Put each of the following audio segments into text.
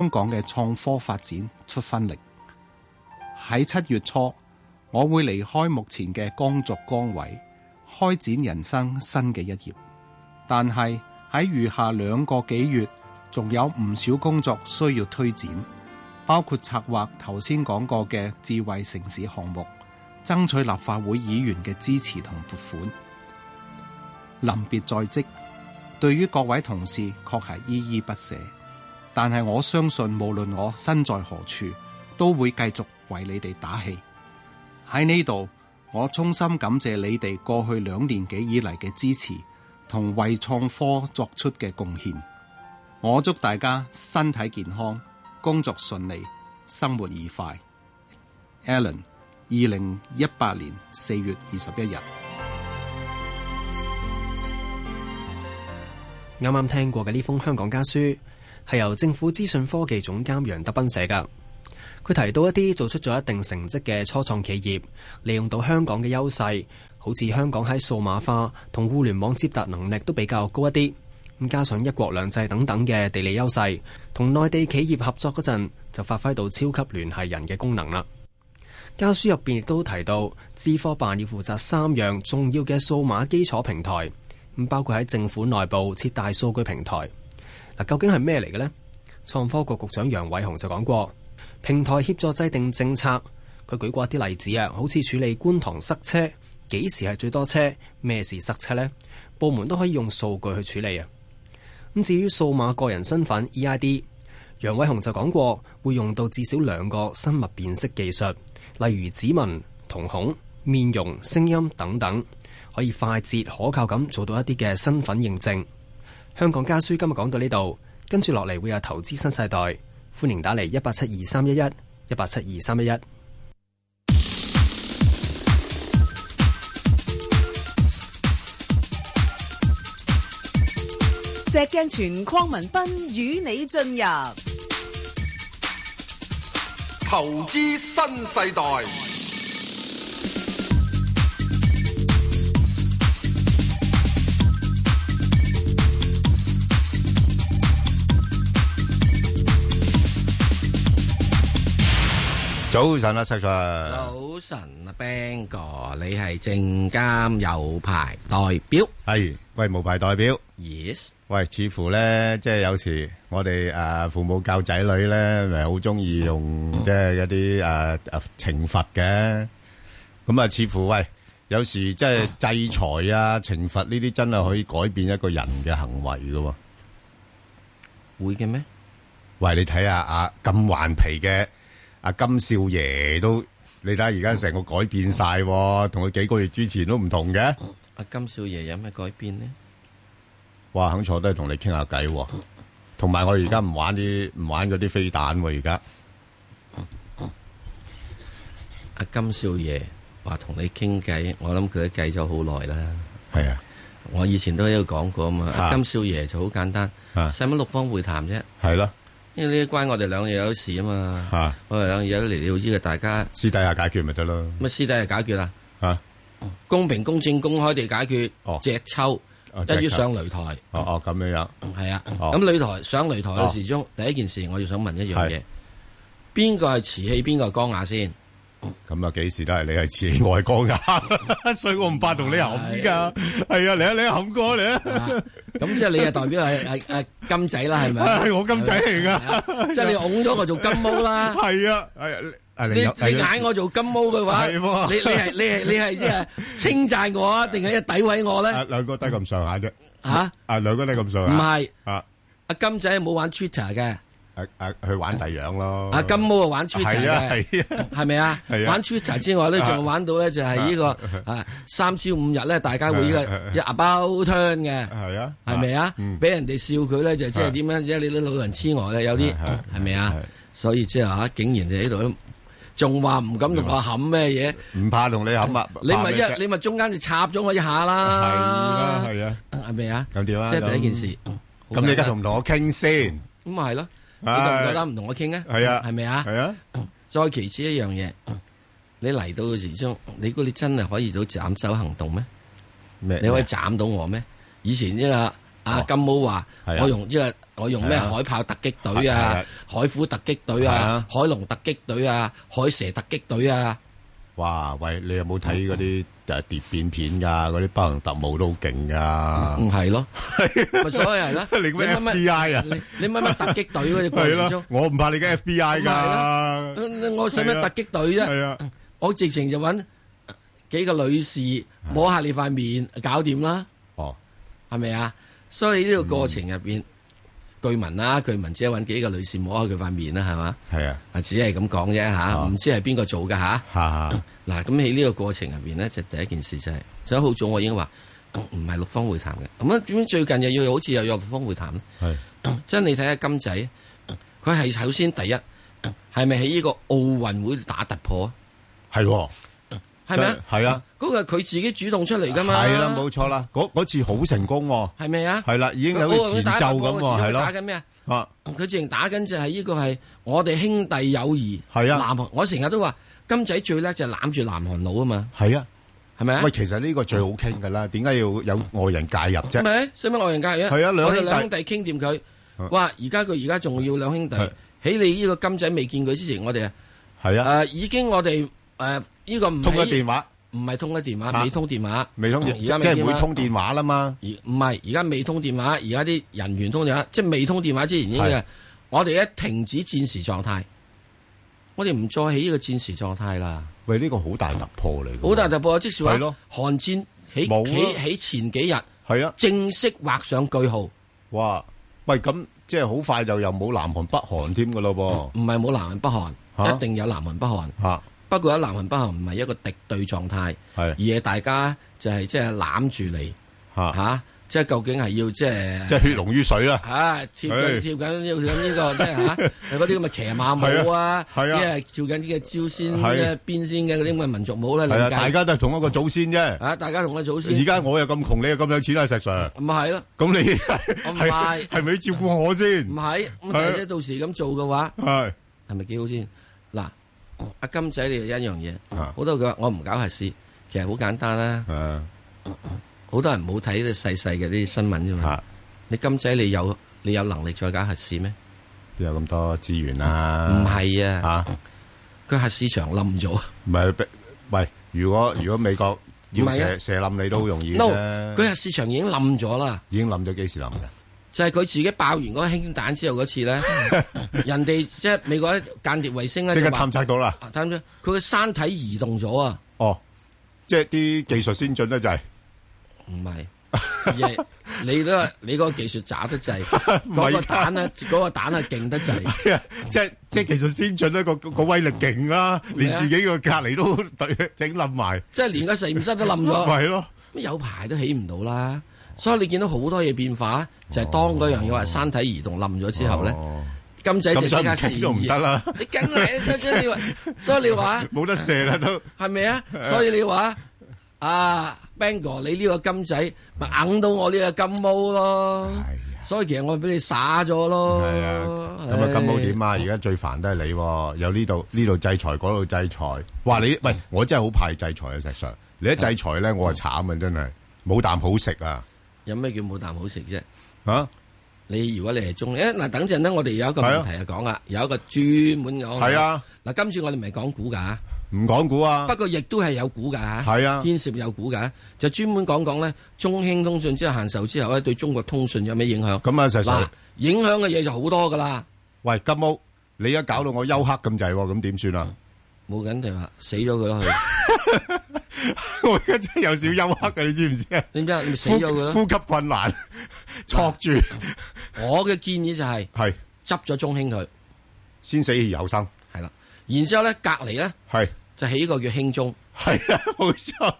香港嘅創科發展出分力。喺七月初，我會離開目前嘅工作崗位，開展人生新嘅一頁。但係喺餘下兩個幾月，仲有唔少工作需要推展，包括策劃頭先講過嘅智慧城市項目，爭取立法會議員嘅支持同撥款。臨別在即，對於各位同事，確係依依不捨。但係我相信，無論我身在何處，都會繼續為你哋打氣。喺呢度，我衷心感謝你哋過去兩年幾以嚟嘅支持同為創科作出嘅貢獻。我祝大家身體健康，工作順利，生活愉快。Alan，二零一八年四月二十一日，啱啱聽過嘅呢封香港家書。係由政府資訊科技總監楊德斌寫㗎。佢提到一啲做出咗一定成績嘅初創企業，利用到香港嘅優勢，好似香港喺數碼化同互聯網接達能力都比較高一啲。咁加上一國兩制等等嘅地理優勢，同內地企業合作嗰陣就發揮到超級聯繫人嘅功能啦。家書入邊亦都提到，資科辦要負責三樣重要嘅數碼基礎平台，咁包括喺政府內部設大數據平台。究竟係咩嚟嘅呢？創科局局長楊偉雄就講過，平台協助制定政策。佢舉過一啲例子啊，好似處理觀塘塞車，幾時係最多車，咩事塞車呢？部門都可以用數據去處理啊。咁至於數碼個人身份 EID，楊偉雄就講過，會用到至少兩個生物辨識技術，例如指紋、瞳孔、面容、聲音等等，可以快捷可靠咁做到一啲嘅身份認證。香港家書今日講到呢度，跟住落嚟會有投資新世代，歡迎打嚟一八七二三一一一八七二三一一。石鏡泉、鄺民彬與你進入投資新世代。早晨石 Sir。早晨啊，彬哥，你係證監有牌代表？係喂，無牌代表？Yes。喂，似乎咧，即係有時我哋誒父母教仔女咧，咪好中意用即係一啲誒誒懲罰嘅。咁啊，似乎喂，有時即係制裁啊，懲罰呢啲真係可以改變一個人嘅行為噶。會嘅咩？喂，你睇下啊，咁頑皮嘅。阿金少爺都，你睇下而家成個改變晒，同佢幾個月之前都唔同嘅。阿、啊、金少爺有咩改變呢？哇，肯坐低同你傾下偈，同埋、啊、我而家唔玩啲唔玩嗰啲飛彈喎、啊，而家。阿、啊、金少爺話同你傾偈，我諗佢都計咗好耐啦。係啊，我以前都喺度講過啊嘛。阿金少爺就好簡單，使乜、啊、六方會談啫。係咯、啊。因為呢一關我哋兩嘢有事啊嘛，我哋兩嘢都嚟到呢個大家私底下解決咪得咯，咁啊私底下解決啦，啊，公平公正公開地解決，直抽，一於上擂台，哦哦咁樣樣，係啊，咁擂台上擂台嘅時候第一件事我要想問一樣嘢，邊個係瓷器，邊個係缸瓦先？咁啊，幾時都係你係似外國噶，所以我唔怕同你喊噶。係啊，嚟啊，嚟喊過嚟啊。咁即係你係代表係係係金仔啦，係咪？係我金仔嚟噶，即係你拱咗我做金毛啦。係啊，係啊，你你嗌我做金毛嘅話，你你係你係你係即係稱讚我啊，定係詆毀我咧？兩個低咁上下啫。吓，啊，兩個低咁上下。唔係，啊，阿金仔冇玩 Twitter 嘅。去玩第樣咯。啊，金毛玩 Twitter 係啊，係啊，係咪啊？玩 Twitter 之外咧，仲玩到咧就係呢個三朝五日咧，大家會呢個 about turn 嘅係啊，係咪啊？俾人哋笑佢咧，就即係點樣啫？你啲老人痴呆咧，有啲係咪啊？所以即係吓，竟然就喺度，仲話唔敢同我冚咩嘢？唔怕同你冚啊！你咪一，你咪中間就插咗我一下啦。係啦，係啊。啊即係第一件事。咁你而家同我傾先。咁咪係咯。你同佢啦，唔同我傾啊，係啊，係咪啊？係啊。啊再其次一樣嘢，你嚟到嘅時中，你估你真係可以到斬手行動咩？咩麼？你可以斬到我咩？以前呢個阿金毛話、啊，我用即係我用咩海豹突擊隊啊，啊啊海虎突擊隊啊，啊海龍突擊隊啊，海蛇突擊隊啊。哇！喂，你有冇睇嗰啲？就係諜變片噶，嗰啲包龍特務都好勁噶，唔係咯，咪 所有人咯， 你乜乜啊， 你乜乜突擊隊嗰啲觀眾，我唔怕你跟 FBI 噶，我使乜突擊隊啫，我直情就揾幾個女士摸下你塊面，搞掂啦，哦，係咪啊？所以呢個過程入邊，據聞啦，據聞只係揾幾個女士摸下佢塊面啦，係嘛，係的啊，只係咁講啫吓，唔知係邊個做噶吓。 嗱，咁喺呢個過程入邊咧，就是、第一件事就係、是，就是、好早我已經話唔係六方會談嘅。咁啊，點解最近又要好似又有六方會談咧？係是，即係你睇下金仔，佢係首先第一，係咪喺呢個奧運會打突破啊？係，係咪？係啦，嗰個係佢自己主動出嚟噶嘛？係、啊、啦，冇錯啦，嗰次好成功喎。係咪啊？係啦、啊啊，已經有啲前奏咁喎。係咯，打緊咩啊？啊，佢正打緊就係呢個係我哋兄弟友誼。係啊，南韓我成日都話。金仔最叻就攬住南韓佬啊嘛，係啊，係咪啊？喂，其實呢個最好傾噶啦，點解要有外人介入啫？係咪？使咩外人介入？係啊，兩兄弟傾掂佢。哇！而家佢而家仲要兩兄弟喺你呢個金仔未見佢之前，我哋啊，係啊，誒，已經我哋誒呢個唔通咗電話，唔係通咗電話，未通電話，未通即係唔會通電話啦嘛。而唔係而家未通電話，而家啲人員通電話，即係未通電話之前已經啊，我哋一停止戰時狀態。我哋唔再起呢個戰時狀態啦。喂，呢、這個好大突破嚟。好大突破啊！即是話，韓戰起的起起前幾日，係啦的，正式畫上句號。哇！喂，咁即係好快就又冇南韓北韓添噶咯噃？唔係冇南韓北韓，啊、一定有南韓北韓。吓、啊，不過有南韓北韓唔係一個敵對狀態，係的而係大家就係即係攬住你。吓、就是。啊啊即係究竟係要即係，即係血濃於水啦！吓，跳跳緊跳緊呢個即係吓，有嗰啲咁嘅騎馬舞啊，即係跳緊啲嘅招先嘅邊先嘅嗰啲咁嘅民族舞咧。係啊，大家都係同一個祖先啫。啊，大家同個祖先。而家我又咁窮，你又咁有錢啊，石 Sir。咪係咯。咁你係係咪照顧我先？唔係，姐姐到時咁做嘅話，係係咪幾好先？嗱，阿金仔你又有一樣嘢，好多佢話我唔搞核事，其實好簡單啦。好多人冇睇啲細細嘅啲新聞啫嘛。你金仔，你有你有能力再搞核試咩？邊有咁多資源啊？唔係啊，吓，佢核試場冧咗。唔係，喂，如果如果美國要射射冧你都好容易啫。No，佢核試場已經冧咗啦。已經冧咗幾時冧㗎？就係佢自己爆完嗰個氫彈之後嗰次咧，人哋即係美國間諜衛星咧，即係探測到啦。探測佢嘅山體移動咗啊！哦，即係啲技術先進咧，就係。唔係，你都你嗰個技術渣得滯，嗰個蛋咧，嗰個蛋係勁得滯，即係即係技術先進啦，個個威力勁啦，連自己個隔籬都懟整冧埋，即係連個實驗室都冧咗，係咯，乜有排都起唔到啦。所以你見到好多嘢變化，就係當嗰樣嘢話山體移動冧咗之後咧，金仔就即刻試驗，你跟你，所以你話，冇得射啦都係咪啊？所以你話。啊、ah, b a n g a l 你呢個金仔咪硬到我呢個金毛咯，哎、呀所以其實我俾你耍咗咯。係啊，咁啊、哎、金毛點啊？而家最煩都係你、啊，有呢度呢度制裁，嗰度制裁，話你，喂，我真係好怕制裁啊！石 sir，你一制裁咧，啊我啊慘啊，真係冇啖好食啊！有咩叫冇啖好食啫？啊！啊你如果你係中，誒、欸、嗱，等陣咧，我哋有一個問題啊，講啦，有一個專門我，係啊，嗱、啊，今次我哋唔係講股噶。唔講股啊，不過亦都係有股噶，係啊，牽涉有股噶，就專門講講咧中興通信之後限售之後咧對中國通信有咩影響？咁啊，實實影響嘅嘢就好多噶啦。喂，金屋，你而家搞到我休克咁滯，咁點算啊？冇緊要啊，死咗佢咯，我而家真係有少休克噶，你知唔知啊？點知啊？咪死咗佢咯？呼吸困難，錯住。我嘅建議就係係執咗中興佢，先死而後生。係啦，然之後咧隔籬咧係。就起呢個叫興中，係啊，冇錯，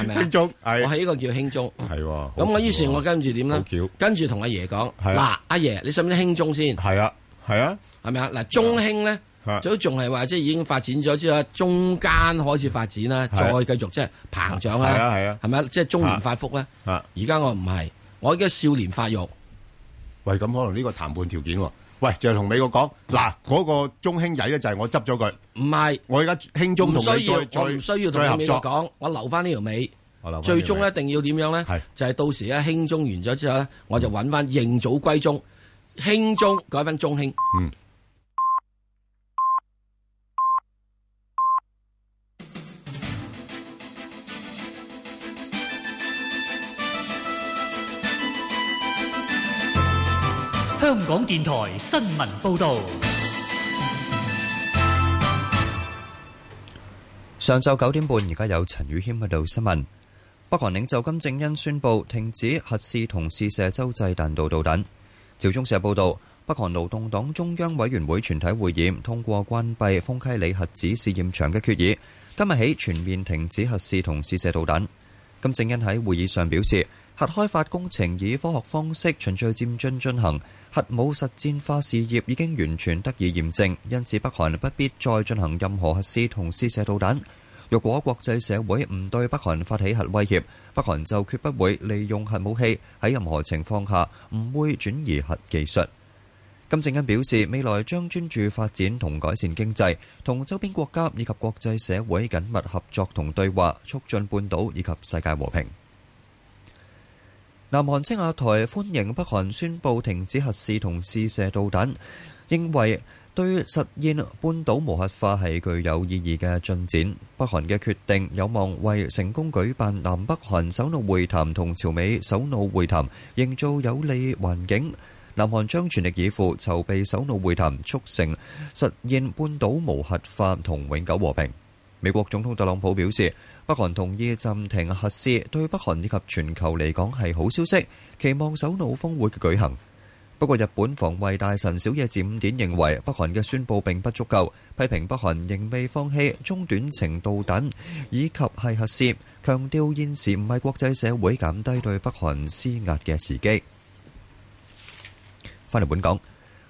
係咪啊？興中，我起呢個叫興中，係咁。我於是我跟住點呢？跟住同阿爺講，嗱，阿爺，你使唔使興中先？係啊，係啊，係咪啊？嗱，中興咧，都仲係話即係已經發展咗之後，中間開始發展啦，再繼續即係膨脹啦，係啊，係啊，係咪啊？即係中年發福咧，而家我唔係，我而家少年發育，喂，咁可能呢個談判條件。喂，就係同美國講，嗱，嗰個中興仔咧就係我執咗佢，唔係，我而家輕中唔需要同美國再再再講，我留翻呢條尾，最終一定要點樣咧？就係到時一輕中完咗之後咧，我就揾翻認祖歸宗，輕中改翻中興。香港電台新聞報道：上晝九點半，而家有陳宇謙喺度報新聞。北韓領袖金正恩宣布停止核試同試射洲際彈道導彈。朝中社報道，北韓勞動黨中央委員會全體會議通過關閉豐溪里核子試驗場嘅決議，今日起全面停止核試同試射導彈。金正恩喺會議上表示，核開發工程以科學方式循序漸進進行。核武實戰化事業已經完全得以驗證，因此北韓不必再進行任何核試同試射導彈。若果國際社會唔對北韓發起核威脅，北韓就決不會利用核武器。喺任何情況下，唔會轉移核技術。金正恩表示，未來將專注發展同改善經濟，同周邊國家以及國際社會緊密合作同對話，促進半島以及世界和平。南韓青瓦台歡迎北韓宣布停止核試同試射導彈，認為對實現半島無核化係具有意義嘅進展。北韓嘅決定有望為成功舉辦南北韓首腦會談同朝美首腦會談營造有利環境。南韓將全力以赴籌備首腦會談，促成實現半島無核化同永久和平。美國總統特朗普表示：北韓同意暫停核試，對北韓以及全球嚟講係好消息。期望首腦峰會嘅舉行。不過日本防衛大臣小野寺五典認為，北韓嘅宣布並不足夠，批評北韓仍未放棄中短程導彈，以及係核試，強調現時唔係國際社會減低對北韓施壓嘅時機。翻嚟本港。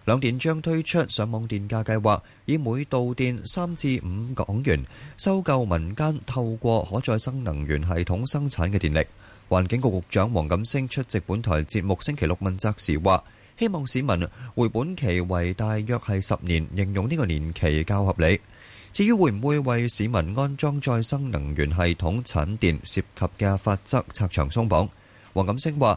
兩電將推出上網電價計劃，以每度電三至五港元收購民間透過可再生能源系統生產嘅電力。環境局局長黃錦星出席本台節目星期六問責時話：希望市民回本期為大約係十年，形容呢個年期較合理。至於會唔會為市民安裝再生能源系統產電涉及嘅法則拆牆鬆綁，黃錦星話。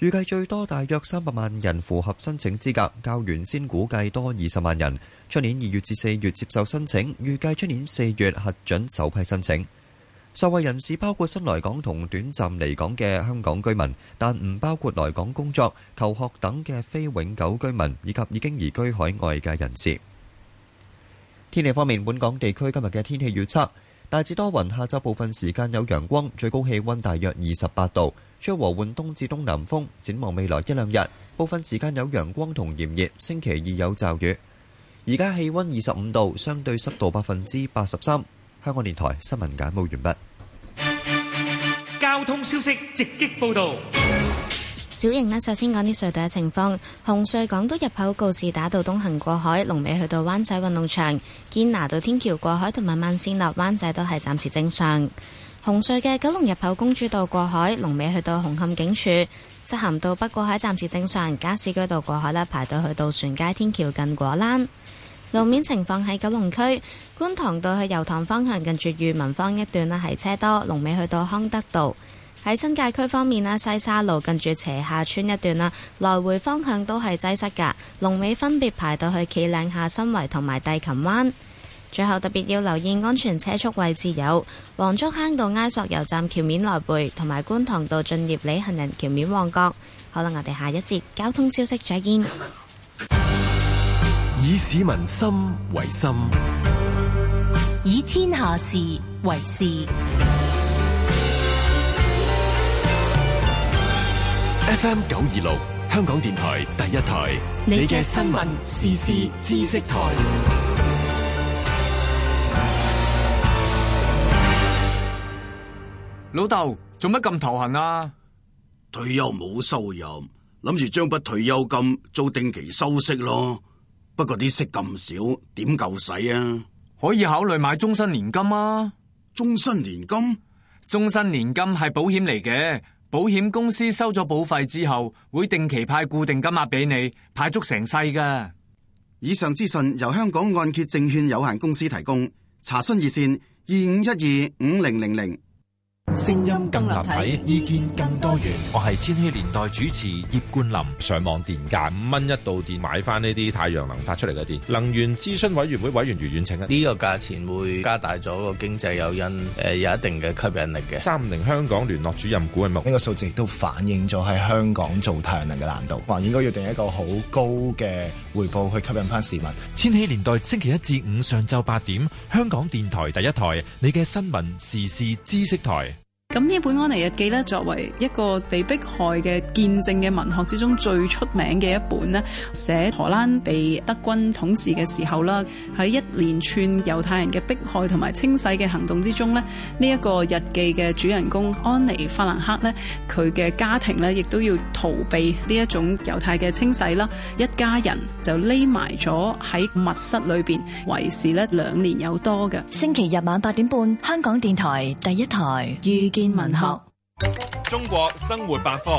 預計最多大約三百萬人符合申請資格，較原先估計多二十萬人。出年二月至四月接受申請，預計出年四月核准首批申請。受惠人士包括新來港同短暫嚟港嘅香港居民，但唔包括來港工作、求學等嘅非永久居民，以及已經移居海外嘅人士。天氣方面，本港地區今日嘅天氣預測大致多雲，下晝部分時間有陽光，最高氣温大約二十八度。將和緩東至東南風，展望未來一兩日，部分時間有陽光同炎熱。星期二有驟雨。而家氣温二十五度，相對濕度百分之八十三。香港電台新聞簡報完畢。交通消息直擊報道。小瑩呢，首先講啲隧道嘅情況。紅隧、港島入口、告士打道東行過海、龍尾去到灣仔運動場、堅拿道天橋過海同慢慢線落灣仔都係暫時正常。紅隧嘅九龍入口公主道過海，龍尾去到紅磡警署，漆咸道北過海暫時正常。加士居道過海咧，排到去渡船街天橋近果欄。路面情況喺九龍區觀塘道去油塘方向，近住裕民坊一段呢係車多，龍尾去到康德道。喺新界區方面呢，西沙路近住斜下村一段啦，來回方向都係擠塞噶，龍尾分別排到去企嶺下新圍同埋帝琴灣。最後特別要留意安全車速位置有黃竹坑道埃索油站橋面內背，同埋觀塘道駿業里行人橋面旺角。好啦，我哋下一節交通消息再見。以市民心為心，以天下事為事。FM 九二六，香港電台第一台，你嘅新聞、時事、知識台。老豆做乜咁頭痕啊？麼麼退休冇收入，諗住將筆退休金做定期收息咯。不過啲息咁少，點夠使啊？可以考慮買終身年金啊！終身年金，終身年金係保險嚟嘅。保險公司收咗保費之後，會定期派固定金額俾你，派足成世噶。以上資訊由香港按揭證券有限公司提供，查詢熱線二五一二五零零零。聲音更立體，意見更多元。我係千禧年代主持葉冠霖。上網電價五蚊一度電，買翻呢啲太陽能發出嚟嘅電。能源諮詢委員會委員如遠清，呢個價錢會加大咗個經濟誘因誒，有一定嘅吸引力嘅。三五零香港聯絡主任古慧木，呢個數字亦都反映咗喺香港做太陽能嘅難度。哇，應該要定一個好高嘅回報去吸引翻市民。千禧年代星期一至五上晝八點，香港電台第一台，你嘅新聞時事知識台。咁呢本安妮日記咧，作為一個被迫害嘅見證嘅文學之中最出名嘅一本咧，寫荷蘭被德軍統治嘅時候啦，喺一連串猶太人嘅迫害同埋清洗嘅行動之中咧，呢、這、一個日記嘅主人公安妮·法蘭克咧，佢嘅家庭咧，亦都要逃避呢一種猶太嘅清洗啦，一家人就匿埋咗喺密室裏邊維持咧兩年有多嘅。星期日晚八點半，香港電台第一台文學，中國生活百科。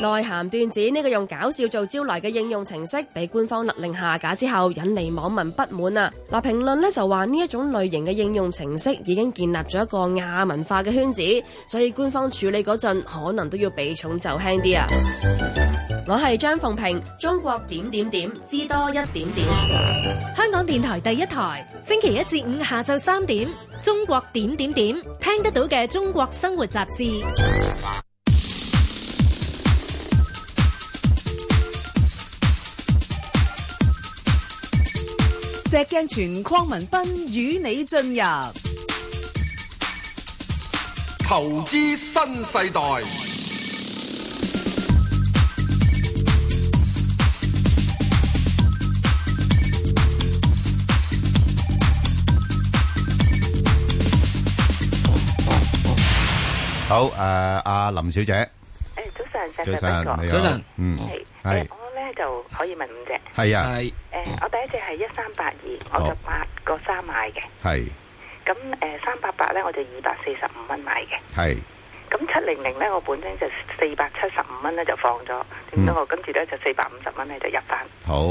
內涵段子呢個用搞笑做招來嘅應用程式，被官方勒令下架之後，引嚟網民不滿啊！嗱、啊，評論呢就話呢一種類型嘅應用程式已經建立咗一個亞文化嘅圈子，所以官方處理嗰陣可能都要避重就輕啲啊。我係張鳳平，中國點點點知多一點點。香港電台第一台，星期一至五下晝三點，中國點點點聽得到嘅中國生活雜誌。石鏡泉、鄺民彬與你進入投資新世代。好誒，阿林小姐，誒，早晨，早晨，早晨，嗯，係，係，我咧就可以問五隻，係啊，係，誒，我第一隻係一三八二，我就八個三買嘅，係，咁誒，三八八咧我就二百四十五蚊買嘅，係，咁七零零咧我本身就四百七十五蚊咧就放咗，點解我跟住咧就四百五十蚊咧就入翻？好，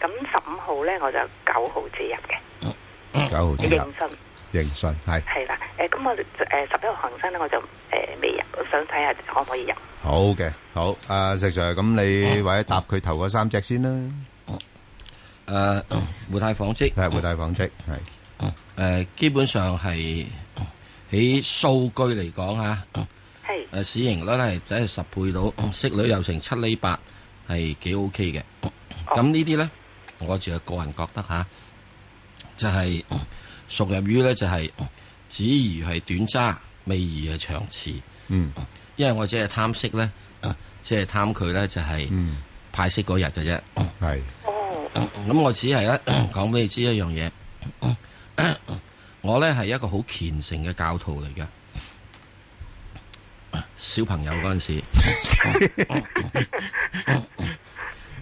咁十五號咧我就九號至入嘅，九號至入。誠信係係啦，誒，咁我誒十一號行山咧，我就誒未入，想睇下可唔可以入。好嘅，好，石 Sir，咁你或者答佢頭嗰三隻先啦。誒，匯泰紡織係匯泰紡織係，誒，基本上係喺數據嚟講吓，係誒市盈率咧，真係十倍到，息率又成七厘八，係幾 OK 嘅。咁呢啲咧，我就個人覺得吓，就係。屬入於咧就係子而係短揸，未而係長持。嗯，因為我只係貪息咧，即係貪佢咧就係派息嗰日嘅啫。係、嗯。咁、嗯、我只係咧講俾你知一樣嘢、嗯嗯呃，我咧係一個好虔誠嘅教徒嚟嘅、呃。小朋友嗰陣時，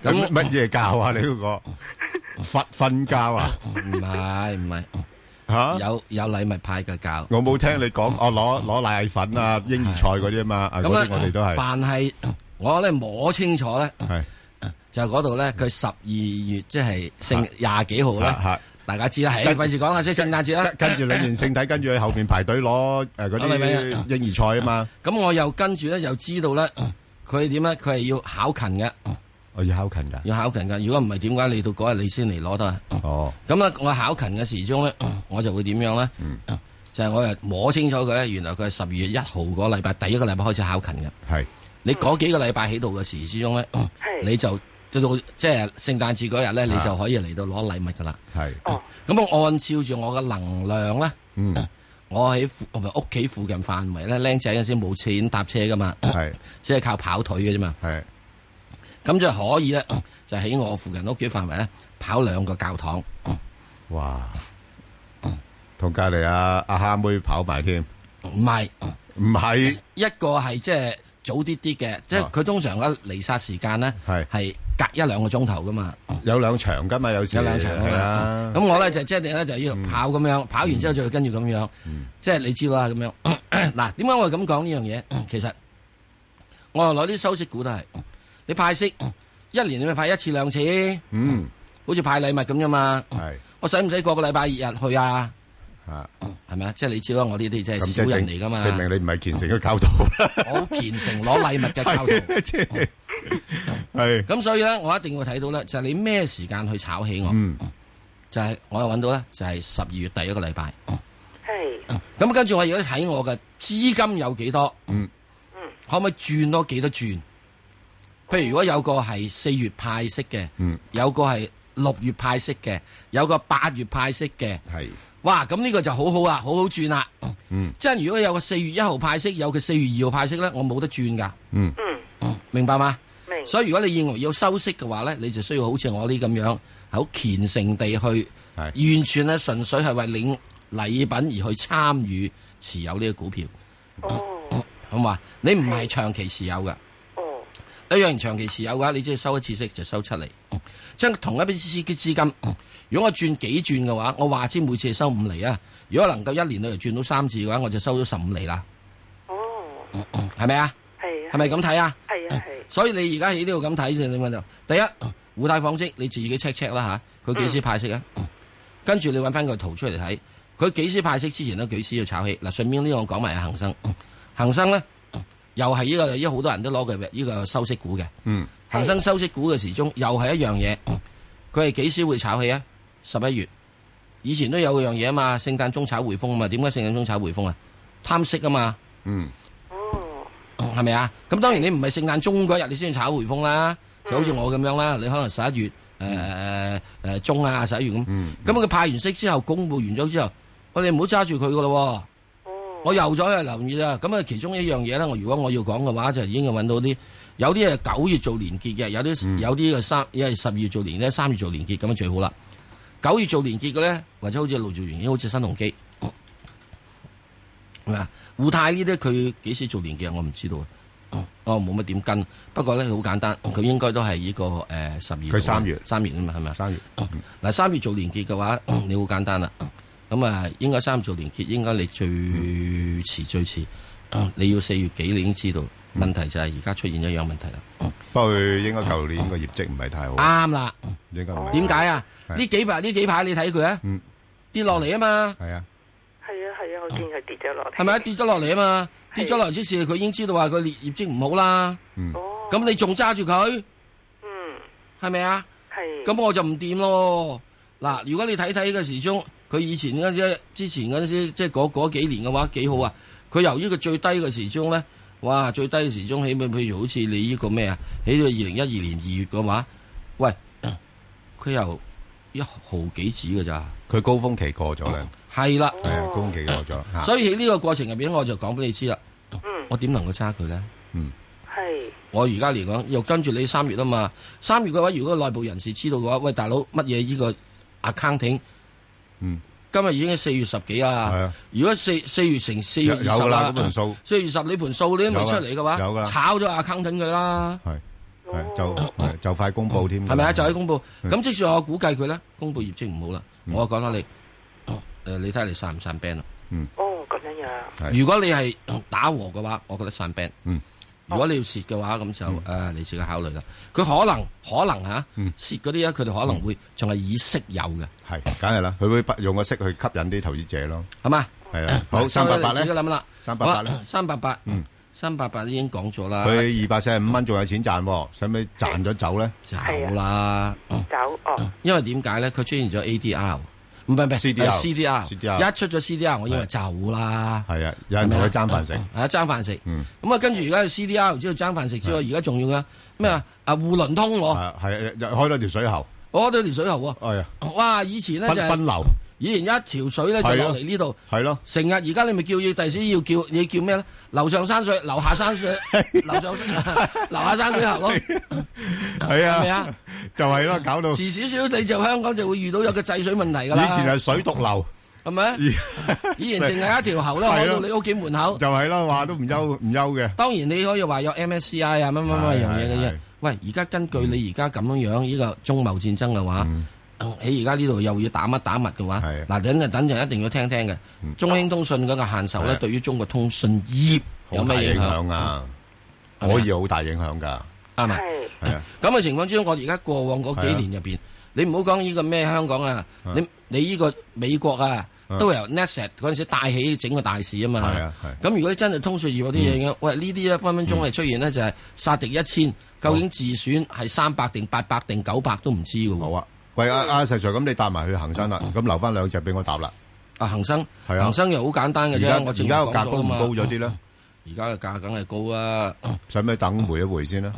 咁乜嘢教啊你、這個？你嗰個瞓瞓覺教啊？唔係唔係。 有有禮物派嘅教，我冇聽你講哦，攞攞奶粉啊，嬰兒菜嗰啲啊嘛，啲我哋都係。但係我咧摸清楚咧，就嗰度咧，佢十二月即係聖廿幾號咧，大家知啦，係。就費事講下即係聖誕節啦，跟住你聖體跟住去後邊排隊攞誒嗰啲嬰兒菜啊嘛。咁我又跟住咧，又知道咧，佢點咧？佢係要考勤嘅。我要考勤噶，要考勤噶。如果唔係點解你到嗰日你先嚟攞得呀？哦。咁啊，我考勤嘅時鐘咧，我就會點樣咧？就係我又摸清楚佢咧，原來佢係十二月一號嗰禮拜第一個禮拜開始考勤嘅。係。你嗰幾個禮拜喺度嘅時之中咧，你就到到即係聖誕節嗰日咧，你就可以嚟到攞禮物噶啦。係。哦。咁我按照住我嘅能量咧，我喺同埋屋企附近範圍咧，僆仔嗰時冇錢搭車噶嘛，係，即係靠跑腿嘅啫嘛，係。咁就可以咧，就喺我附近屋企範圍咧跑兩個教堂。哇！同隔離阿阿蝦妹跑埋添？唔係，唔係一個係即係早啲啲嘅，即係佢通常咧離曬時間咧係隔一兩個鐘頭噶嘛。有兩場㗎嘛，有時。有兩場啦。咁我咧就即係你咧就要跑咁樣，跑完之後就跟住咁樣。即係你知道啊咁樣。嗱，點解我咁講呢樣嘢？其實我又攞啲收息股都係。你派息一年你咪派一次兩次，嗯，好似派禮物咁咋嘛？係我使唔使過個禮拜日去啊？係係咪啊？即係你知啦，我呢啲即係小人嚟噶嘛？證明你唔係虔誠嘅教徒。我好虔誠攞禮物嘅教徒。係咁所以咧，我一定會睇到咧，就係你咩時間去炒起我？就係我又揾到咧，就係十二月第一個禮拜。係咁跟住我而家睇我嘅資金有幾多？嗯，可唔可以轉多幾多轉？譬如如果有個係四月派息嘅，有個係六月派息嘅，有個八月派息嘅，係哇，咁呢個就好好啊，好好轉啦。嗯，即係如果有個四月一號派息，有個四月二號派息咧，我冇得轉噶。嗯，嗯，明白嗎？所以如果你認為要收息嘅話咧，你就需要好似我啲咁樣，好虔誠地去，完全係純粹係為領禮品而去參與持有呢個股票。好嘛，你唔係長期持有噶。一樣長期持有嘅話，你即係收一次息就收七厘，將、嗯、同一筆資嘅資金、嗯，如果我轉幾轉嘅話，我話先每次係收五厘啊。如果能夠一年內轉到三次嘅話，我就收咗十五厘啦。哦，係咪、嗯嗯、啊？係，係咪咁睇啊？係啊,啊,啊,啊所以你而家喺呢度咁睇先。點樣就？第一，滬泰方式，你自己 check check 啦吓，佢幾時派息啊？跟、嗯、住、嗯嗯、你揾翻個圖出嚟睇，佢幾時派息之前都幾時要炒起嗱。順便呢我講埋阿恒生，恒、嗯、生咧。又係呢、這個，依家好多人都攞嘅呢個收息股嘅。恒、嗯、生收息股嘅時鐘，又係一樣嘢。佢係幾時會炒起啊？十一月，以前都有樣嘢啊嘛。聖誕鐘炒匯豐啊嘛。點解聖誕鐘炒匯豐啊？貪息啊嘛。嗯。哦。係咪啊？咁當然你唔係聖誕鐘嗰日你先炒匯豐啦。就好似我咁樣啦，你可能十一月誒誒誒中啊十一月咁。咁佢、嗯、派完息之後，公布完咗之後，我哋唔好揸住佢噶咯。我又咗去留意啦，咁啊，其中一樣嘢咧，我如果我要講嘅話，就已經係搵到啲，有啲係九月做連結嘅，有啲、嗯、有啲嘅三，因為十二月做連咧，三月做連結咁啊最好啦。九月做連結嘅咧，或者好似陸兆源，好似新鴻基，係咪啊？滬泰呢啲佢幾時做連結？我唔知道，哦，我冇乜點跟。不過咧，好簡單，佢應該都係呢、這個誒十二月，佢三月，三月啊嘛係咪三月，嗱三、嗯嗯、月做連結嘅話，你好簡單啦。嗯咁啊，應該三組連結，應該你最遲最遲，你要四月幾，你已經知道。問題就係而家出現一樣問題啦。不過應該舊年個業績唔係太好。啱啦，應該唔係。點解啊？呢幾排呢幾排你睇佢啊？跌落嚟啊嘛。係啊，係啊，係啊，我見佢跌咗落嚟。係咪跌咗落嚟啊嘛？跌咗落嚟之時，佢已經知道話佢業業績唔好啦。哦。咁你仲揸住佢？嗯。係咪啊？係。咁我就唔掂咯。嗱，如果你睇睇嘅時鐘。佢以前嗰陣之前嗰陣時即係嗰幾年嘅話幾好啊！佢由於佢最低嘅時鐘咧，哇，最低嘅時鐘起碼譬如好似你呢個咩啊，起咗二零一二年二月嘅話，喂，佢由一毫幾子㗎咋？佢高峰期過咗啦，係啦，高峰期過咗，所以喺呢個過程入邊，我就講俾你知啦。嗯，我點能夠差佢咧？嗯，係。我而家嚟講，又跟住你三月啊嘛，三月嘅話，如果內部人士知道嘅話，喂，大佬乜嘢呢個 accounting？嗯，今日已經係四月十幾啊！如果四四月成四月二十幾盤數，四月十呢盤數，你都未出嚟嘅話，有噶炒咗阿坑佢啦。係係就就快公佈添，係咪啊？就喺公佈。咁即使我估計佢咧，公佈業績唔好啦，我講啦你，誒你睇下你散唔散 band 啊？嗯，哦咁樣樣。如果你係打和嘅話，我覺得散 band。嗯。如果你要蝕嘅話，咁就誒，你自己考慮啦。佢可能可能嚇，蝕嗰啲咧，佢哋可能會仲係以息有嘅。係，梗係啦，佢會用個息去吸引啲投資者咯，係嘛？係啦，好，三八八咧。三八八咧，三八八，嗯，三八八已經講咗啦。佢二百四十五蚊仲有錢賺喎，使唔使賺咗走咧？走啦，走哦。因為點解咧？佢出現咗 ADR。唔係唔係，C D R，一出咗 C D R，的我以為詐糊啦。係啊，有人同佢爭飯食。係啊，爭飯食。嗯，咁啊，跟住而家 C D R 唔知道爭飯食之外，而家仲要嘅咩啊？啊，滬倫通喎。係啊，又開多條水喉。哦、開多條水喉啊！哎呀，哇！以前咧就是、分,分流。以前一條水咧就落嚟呢度，係咯，成日而家你咪叫要第時要叫，你叫咩咧？樓上山水，樓下山水，樓上樓下山水喉咯，係啊，就係咯，搞到遲少少你就香港就會遇到有個制水問題噶啦。以前係水毒流，係咪？以前淨係一條喉咧，開到你屋企門口，就係啦，話都唔憂唔憂嘅。當然你可以話有 MSCI 啊，乜乜乜樣嘢嘅嘢。喂，而家根據你而家咁樣樣呢個中貿戰爭嘅話。喺而家呢度又要打乜打物嘅話，嗱，等陣等陣一定要聽聽嘅。中興通訊嗰個限售咧，對於中國通訊業有咩影響啊？可以好大影響噶啱嘛？係咁嘅情況之中，我而家過往嗰幾年入邊，你唔好講呢個咩香港啊，你你呢個美國啊，都由 Nasdaq 嗰陣時帶起整個大市啊嘛。咁如果真係通訊業嗰啲嘢，喂呢啲咧分分鐘係出現呢，就係殺敵一千，究竟自損係三百定八百定九百都唔知噶。喂，阿石 Sir Sir，咁你帶埋去恒生啦，咁留翻兩隻俾我搭啦。啊，恒生，恒生又好簡單嘅啫。而家而家個價都唔高咗啲啦。而家個價梗係高啊！使唔使等回一回先啦？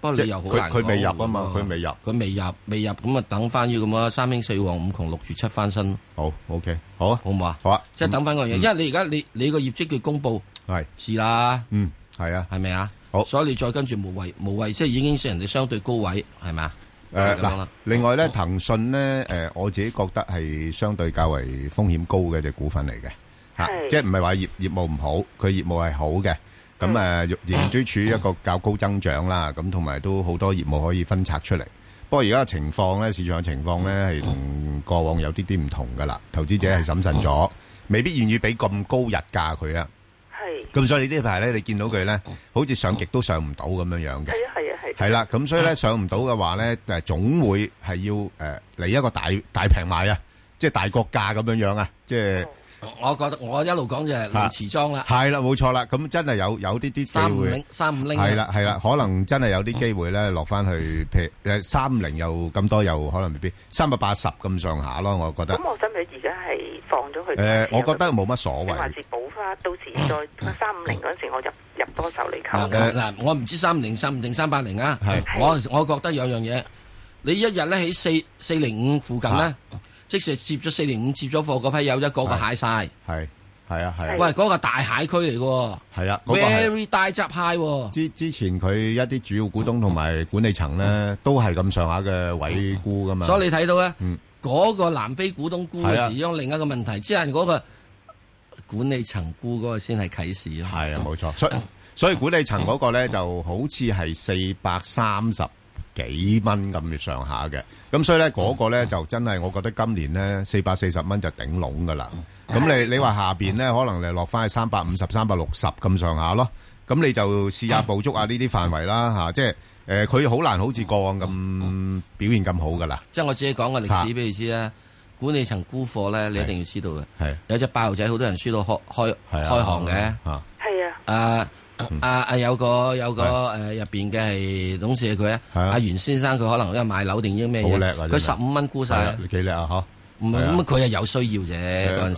不過你又好難講。佢未入啊嘛，佢未入。佢未入，未入，咁啊等翻要咁啊三兵四王五窮六絕七翻身。好，OK，好啊，好唔好啊？好啊。即係等翻個樣，因為你而家你你個業績嘅公布係是啦。嗯，係啊，係咪啊？好。所以你再跟住無謂無謂，即係已經使人哋相對高位，係咪？誒，嗱， 另外咧，騰訊咧，誒，我自己覺得係相對較為風險高嘅隻股份嚟嘅。吓是，即係唔係話業業務唔好，佢業務係好嘅，咁誒仍仍處於一個較高增長啦，咁同埋都好多業務可以分拆出嚟。不過而家嘅情況咧，市場嘅情況咧係同過往有啲啲唔同噶啦，投資者係審慎咗，未必願意俾咁高溢價佢啊。係是。咁所以呢排咧，你見到佢咧，好似上極都上唔到咁樣樣嘅。係啊，係啊。係啦，咁所以咧，上唔到嘅話咧，誒，總會係要誒嚟、呃、一個大大平買啊，即係大國價咁樣樣啊，即係。我覺得我一路講就係陶瓷裝啦，係啦，冇錯啦，咁真係有有啲啲機會。三五零，三五零，係啦，係啦，可能真係有啲機會咧落翻去，誒，三五零又咁多又可能未必，三百八十咁上下咯，我覺得。咁我身尾而家係放咗佢。誒，我覺得冇乜所謂，或者補翻，到時再三五零嗰時我入入多手嚟溝。嗱，我唔知三五零、三五定三八零啊。係，我我覺得有樣嘢，你一日咧喺四四零五附近咧。即時接咗四年五接咗貨嗰批有一個、啊啊、個蟹晒，係係啊係。喂，嗰個大蟹區嚟嘅，係啊，very 個大隻蟹、啊。之之前佢一啲主要股東同埋管理層咧，都係咁上下嘅偉估噶嘛。所以你睇到咧，嗰、嗯、個南非股東估嘅時，另一個問題，只係嗰個管理層估嗰個先係啟示咯。係啊，冇、啊、錯。所以所以管理層嗰個咧就好似係四百三十幾蚊咁上下嘅，咁所以咧嗰個咧就真係，我覺得今年咧四百四十蚊就頂籠噶啦。咁、嗯嗯嗯、你你話下邊咧，可能你落翻去三百五十三百六十咁上下咯。咁你就試下捕捉下呢啲範圍啦，吓、嗯啊，即係誒，佢、呃、好難好似過往咁表現咁好噶啦。即係我自己講個歷史，俾你知啦，管理層沽貨咧，你一定要知道嘅。係有隻八號仔，好多人輸到開開、啊、開行嘅。吓係啊。誒、啊。啊啊啊啊！有個有個誒入邊嘅係董事，佢啊，阿袁先生佢可能因為買樓定啲咩嘢，佢十五蚊沽曬，幾叻啊！吓，咁佢係有需要啫。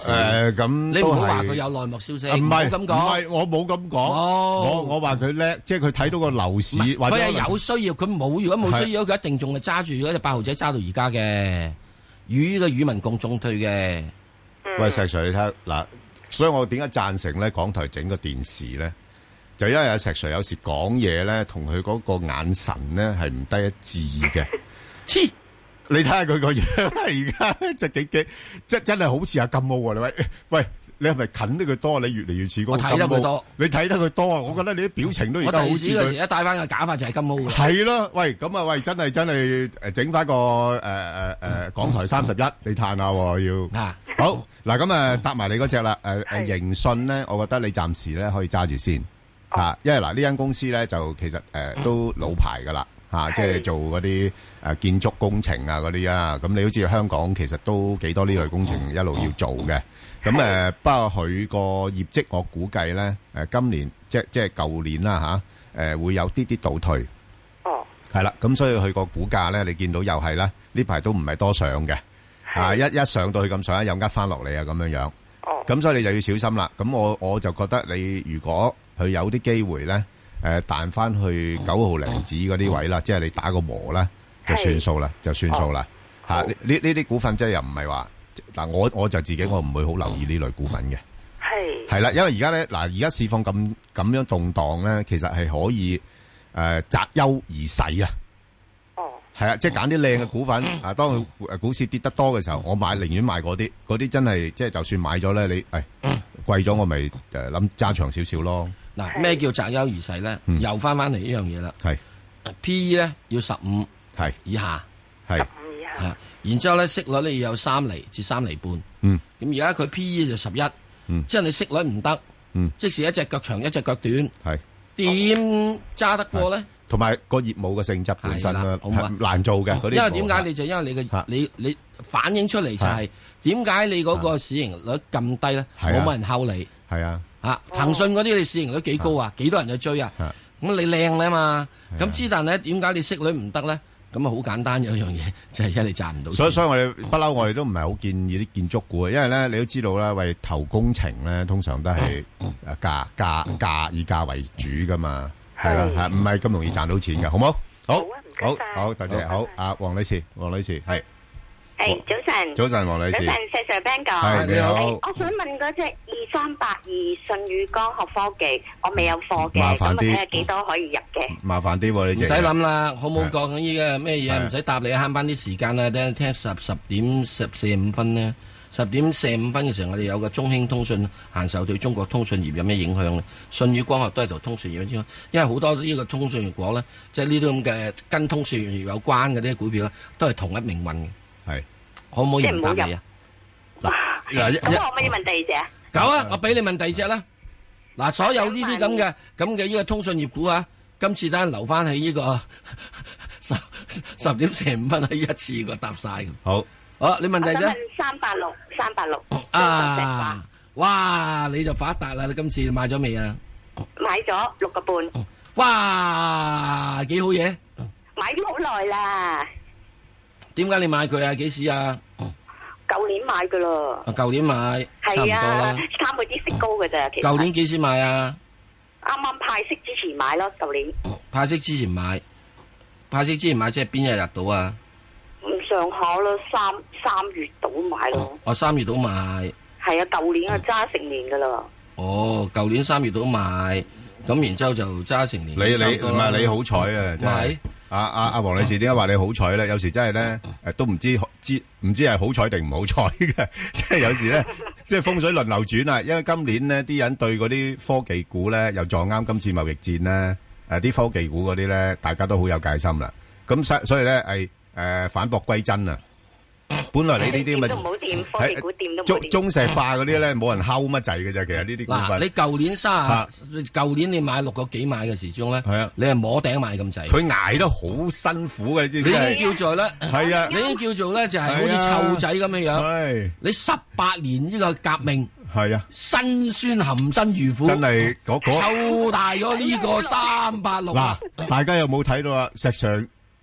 誒咁，你唔好話佢有內幕消息，唔係咁講，唔係我冇咁講，我我話佢叻，即係佢睇到個樓市，佢係有需要，佢冇。如果冇需要，佢一定仲係揸住嗰隻八號仔揸到而家嘅，與個與民共眾退嘅。喂，石 Sir，你睇嗱，所以我點解贊成咧？港台整個電視咧。就因為阿石 Sir 有時講嘢咧，同佢嗰個眼神咧係唔得一致嘅。黐癡，你睇下佢個樣而家即係幾幾即係真係好似阿金毛啊！你喂喂，你係咪近得佢多？你越嚟越似個金毛。我睇得佢多，你睇得佢多啊！我覺得你啲表情都已經好似佢。我睇佢時，一戴翻個假髮就係金毛。係咯，喂，咁啊，喂，喂真係真係誒，整翻個誒誒誒港台三十一，你嘆下要好嗱，咁啊，答埋你嗰隻啦。誒、呃、誒，盈信咧，我覺得你暫時咧可以揸住先。啊，因為嗱呢間公司咧就其實誒都老牌噶啦，吓即係做嗰啲誒建築工程啊嗰啲啊。咁你好似香港其實都幾多呢類工程一路要做嘅。咁誒，不過佢個業績，我估計咧誒今年即即係舊年啦吓，誒會有啲啲倒退。哦，係啦，咁所以佢個股價咧，你見到又係啦，呢排都唔係多上嘅。係，一一上到去咁上，又呃翻落嚟啊，咁樣樣。哦，咁所以你就要小心啦。咁我我就覺得你如果。佢有啲機會咧，誒、呃、彈翻去九毫零紙嗰啲位啦，oh. 即係你打個磨啦，就算數啦，oh. 就算數啦。嚇、oh. 啊，呢呢啲股份即係又唔係話嗱，我我就自己我唔會好留意呢類股份嘅。係係啦，因為而家咧嗱，而家市況咁咁樣，樣動盪咧，其實係可以誒擇優而使啊，哦、oh.、係、就是、啊，即係揀啲靚嘅股份啊，當佢股市跌得多嘅時候，我買寧願買嗰啲，嗰啲真係即係就算買咗咧，你係、哎、貴咗我咪誒諗揸長少少咯。Oh. 嗱咩叫擇優而篩咧？又翻翻嚟呢樣嘢啦。係 P E 咧要十五係以下，十五以下。然之後咧息率咧要有三厘至三厘半。嗯。咁而家佢 P E 就十一。即係你息率唔得。即使一隻腳長一隻腳短。係。點揸得過咧？同埋個業務嘅性質本身係難做嘅。因為點解你就因為你嘅你你反映出嚟就係點解你嗰個市盈率咁低咧？冇乜人睺你。係啊。啊！騰訊嗰啲你市盈率幾高啊？幾多人去追啊？咁你靚啊嘛？咁之但咧，點解你息率唔得咧？咁啊，好簡單有一樣嘢，就係因你賺唔到。所以，所以我哋不嬲，我哋都唔係好建議啲建築股啊，因為咧，你都知道啦，為投工程咧，通常都係價價價以價為主噶嘛，係啦，唔係咁容易賺到錢嘅，好冇好好好，大姐好啊，黃女士，黃女士係。誒，hey, 早晨，早晨，王女士，Sir Sir Ben 哥，hey, 你好。Hey, 我想問嗰隻二三八二信宇光學科技，我未有貨嘅，咁啊，幾多可以入嘅？麻煩啲、啊，你唔使諗啦，的好冇講緊呢個咩嘢，唔使的答你，慳翻啲時間啦。等聽十十點十四五分呢，十點四五分嘅時候，我哋有個中興通訊限售對中國通訊業有咩影響咧？信宇光學都係做通訊業，因為好多呢個通訊業股咧，即係呢啲咁嘅跟通訊業有關嘅啲股票咧，都係同一命運。可唔可以入？嗱，咁可唔可以問第二隻？搞啊！我俾你問第二隻啦。嗱，所有呢啲咁嘅咁嘅呢個通訊業股啊，今次都留翻喺呢個十十點四五分喺一次個答晒。好，好，你問第二隻。三八六，三八六。啊！哇！你就發達啦！你今次買咗未啊？買咗六個半。哇！幾好嘢。買咗好耐啦。點解你買佢啊？幾時啊？舊年買噶啦。啊，舊年買，差唔多啦，貪佢啲息高噶咋？舊年幾時買啊？啱啱派息之前買咯，舊年。派息之前買，派息之前買即係邊日入到啊？唔上好咯，三三月度買咯。啊，三月度買。係啊，舊年啊揸成年噶啦。哦，舊年三月度買，咁然之後就揸成年。你你唔係你好彩啊，真係。阿阿阿黃女士，點解話你好彩咧？有時真係咧，誒、呃、都唔知知唔知係好彩定唔好彩嘅，即係有時咧，即係風水輪流轉啦、啊。因為今年咧，啲人對嗰啲科技股咧，又撞啱今次貿易戰咧、啊，誒、呃、啲科技股嗰啲咧，大家都好有戒心啦、啊。咁所所以咧，係誒、呃、反璞歸真啊。本來你呢啲咪中中石化嗰啲咧，冇人敲乜滯嘅啫，其實呢啲股份。你舊年卅，舊、啊、年你買六個幾買嘅時鐘咧，係啊，你係摸頂買咁滯。佢捱得好辛苦嘅，你知唔知？你已經叫做咧，係啊，你已經叫做咧就係、是、好似湊仔咁樣樣。啊啊、你十八年呢個革命，係啊，辛酸含辛茹苦，真係嗰嗰湊大咗呢、這個三百六。嗱，大家有冇睇到啊？石上。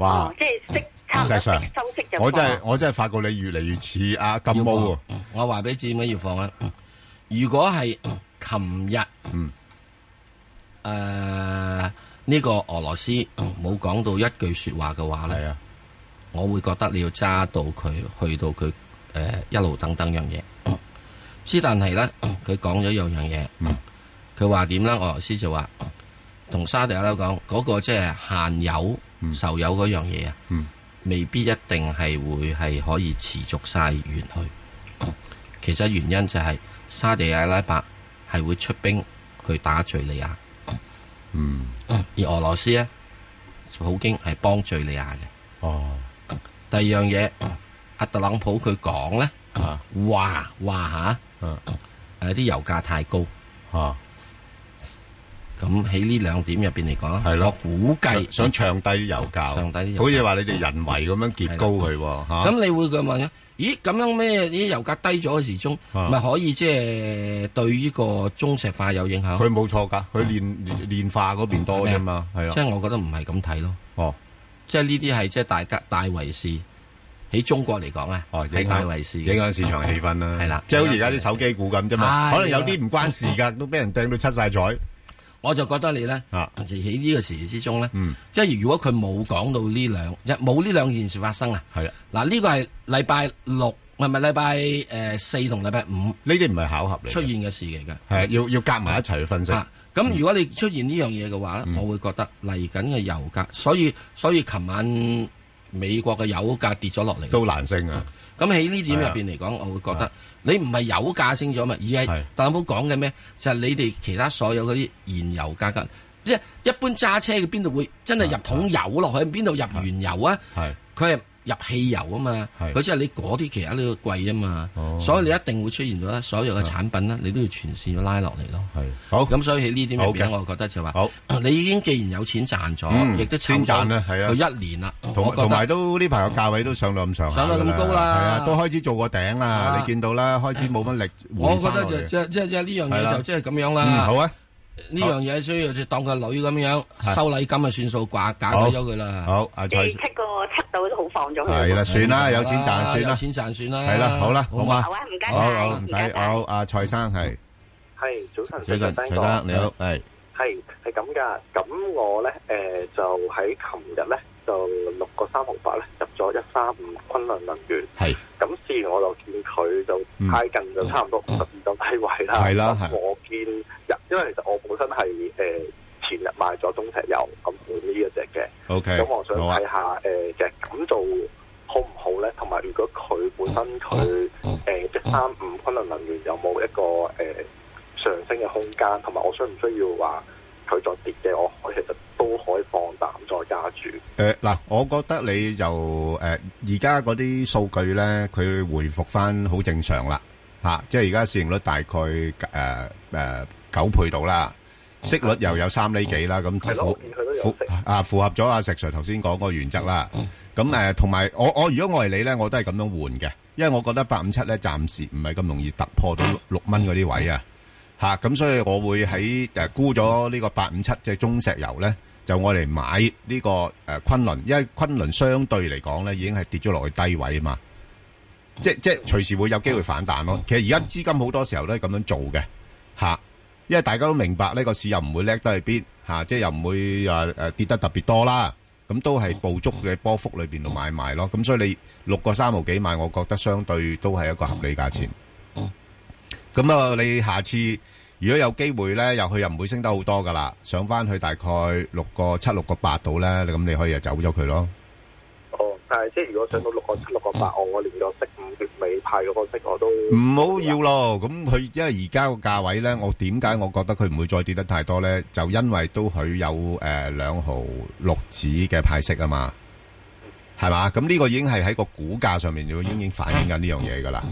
哇！即係色差嘅，我真係、嗯、我真係發覺你越嚟越似阿金毛。我話俾你知點解要放咧、啊？如果係琴日，誒呢、嗯呃這個俄羅斯冇講到一句說話嘅話咧，嗯、我會覺得你要揸到佢去到佢誒、呃、一路等等樣嘢。之但係咧，佢講咗一樣嘢，佢話點咧？俄羅斯就話同沙特阿拉講嗰個即係限油。受油嗰樣嘢啊，嗯、未必一定係會係可以持續晒完去。嗯、其實原因就係沙地阿拉伯係會出兵去打敘利亞，嗯，而俄羅斯呢，普京係幫敘利亞嘅。哦，第二樣嘢阿、哦啊、特朗普佢講呢：啊「話話吓，啲、啊啊啊、油價太高，啊。啊咁喺呢兩點入邊嚟講，我估計想唱低啲油價，好似話你哋人為咁樣劫高佢喎嚇。咁你會咁問咧？咦，咁樣咩啲油價低咗嘅時鐘，咪可以即係對呢個中石化有影響？佢冇錯㗎，佢煉煉化嗰邊多啫嘛，係咯。即係我覺得唔係咁睇咯。哦，即係呢啲係即係大格大圍市喺中國嚟講啊，係大圍市影響市場氣氛啦。係啦，即係好似而家啲手機股咁啫嘛，可能有啲唔關事㗎，都俾人掟到七晒彩。我就覺得你咧，喺呢個時之中咧，即係如果佢冇講到呢兩，即冇呢兩件事發生啊。係啊，嗱呢個係禮拜六，係咪禮拜誒四同禮拜五。呢啲唔係巧合嚟，出現嘅事嚟嘅，係要要夾埋一齊去分析。咁如果你出現呢樣嘢嘅話，我會覺得嚟緊嘅油價，所以所以琴晚美國嘅油價跌咗落嚟，都難升啊。咁喺呢點入邊嚟講，我會覺得。你唔係油價升咗嘛？而係特朗普講嘅咩？就係、是、你哋其他所有嗰啲燃油價格，一、就是、一般揸車嘅邊度會真係入桶油落去？邊度是入原油啊？佢係是。入汽油啊嘛，佢即係你嗰啲，其實呢個貴啊嘛，所以你一定會出現咗所有嘅產品咧，你都要全線拉落嚟咯。好，咁，所以呢啲物件，我覺得就話，你已經既然有錢賺咗，亦都先賺啦，係啊，佢一年啦，同埋都呢排個價位都上到咁上，上到咁高啦，係啊，都開始做個頂啦，你見到啦，開始冇乜力。我覺得就即即即呢樣嘢就即係咁樣啦。嗯，好啊。呢樣嘢需要似當個女咁樣收禮金啊，算數掛，掛咗佢啦。好，阿蔡七個七度都好放咗佢。係啦，算啦，有錢賺算啦，錢賺算啦。係啦，好啦，好嘛。好啊，唔該晒。好，唔使。好，阿蔡生係。係早晨，早晨，蔡生你好，係。係係咁噶，咁我咧誒就喺琴日咧。就六個三毫八咧，入咗一三五昆侖能源。係咁，之前我就見佢就挨近，就差唔多五十二道低位啦。係啦，係。我見入，因為其實我本身係誒前日買咗中石油，咁換呢一隻嘅。O K。咁我想睇下其實咁做好唔好咧？同埋，如果佢本身佢誒一三五昆侖能源有冇一個誒上升嘅空間？同埋，我需唔需要話佢再跌嘅？我我其實。都可以放膽再揸住。誒嗱，我覺得你就誒而家嗰啲數據咧，佢回復翻好正常啦。嚇，即係而家市盈率大概誒誒九倍到啦，息率又有三釐幾啦。咁符合符啊，符合咗阿石 Sir 頭先講個原則啦。咁誒，同埋我我如果我係你咧，我都係咁樣換嘅，因為我覺得八五七咧，暫時唔係咁容易突破到六蚊嗰啲位啊。嚇，咁所以我會喺誒沽咗呢個八五七，即係中石油咧。就我嚟買呢，這個誒、呃、昆侖，因為昆侖相對嚟講咧，已經係跌咗落去低位啊嘛，即係即係隨時會有機會反彈咯。其實而家資金好多時候都係咁樣做嘅吓，啊,因為大家都明白呢個、啊、市又唔會叻得去邊吓，啊，即係又唔會話誒、呃、跌得特別多啦。咁，啊、都係捕捉嘅波幅裏邊度買賣咯。咁，啊、所以你六個三毫幾買，我覺得相對都係一個合理價錢。咁啊，啊，你下次。如果有機會咧，入去又唔會升得好多噶啦，上翻去大概六個七六個八度咧，你咁你可以就走咗佢咯。哦，但係，即係如果上到六個七六個八，我我連咗食五月尾派嗰個息我都唔好要咯。咁佢因為而家個價位咧，我點解我覺得佢唔會再跌得太多咧？就因為都佢有誒兩毫六子嘅派息啊嘛，係嘛？咁呢個已經係喺個股價上面要已經反映緊呢樣嘢噶啦。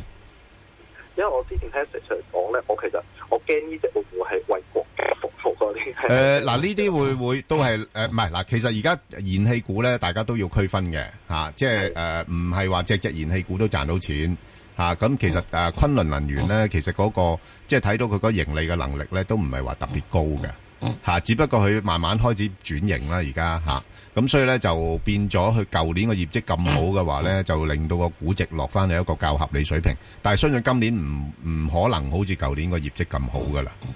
因為我之前聽 Sir 講咧，我其實。我驚呢隻會唔會係為國家服務啊？啲 誒、呃，嗱呢啲會會都係誒，唔係嗱。其實而家燃氣股咧，大家都要區分嘅吓、啊，即係誒，唔係話隻隻燃氣股都賺到錢吓。咁其實誒，昆侖能源咧，其實嗰、啊那個即係睇到佢嗰盈利嘅能力咧，都唔係話特別高嘅吓、啊。只不過佢慢慢開始轉型啦，而家吓。啊咁、嗯、所以咧就變咗佢舊年個業績咁好嘅話咧，就令到個估值落翻嚟一個較合理水平。但係相信今年唔唔可能好似舊年個業績咁好噶啦。係、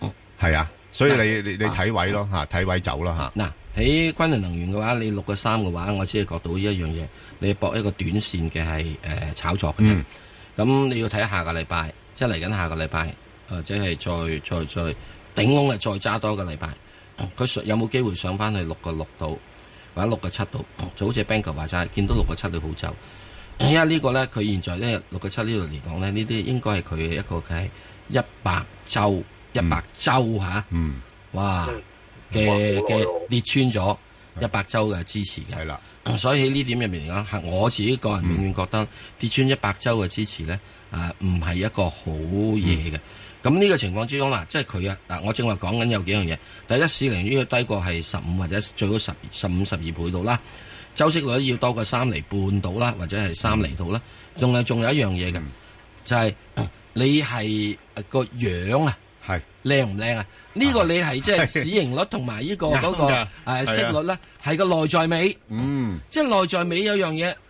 嗯嗯、啊，所以你是你你睇位咯嚇，睇、啊、位走啦嚇。嗱、啊，喺昆侖能源嘅話，你六個三嘅話，我只係覺得到依一樣嘢，你搏一個短線嘅係誒炒作嘅啫。咁、嗯、你要睇下下個禮拜，即係嚟緊下個禮拜，或者係再再再，再頂籠嘅再揸多個禮拜，佢、嗯、有冇機會上翻去六個六度？六個七度，就好似 Banker 話齋，見到六個七度好走。因為呢個咧，佢現在咧六個七呢度嚟講咧，呢啲應該係佢一個嘅一百周、一百周吓，嗯，哇嘅嘅跌穿咗一百周嘅支持嘅。係啦，嗯、所以喺呢點入面嚟講，係我自己個人永遠覺得跌穿一百周嘅支持咧，誒唔係一個好嘢嘅。嗯嗯咁呢個情況之中啦，即係佢啊，嗱，我正話講緊有幾樣嘢。第一，市盈率要低過係十五或者最好十十五十二倍到啦，周息率要多過三厘半到啦，或者係三厘到啦。仲有仲有一樣嘢嘅，就係你係個樣啊，係靚唔靚啊？呢個你係即係市盈率同埋呢個嗰個誒息率咧，係個內在美。嗯，即係內在美有樣嘢。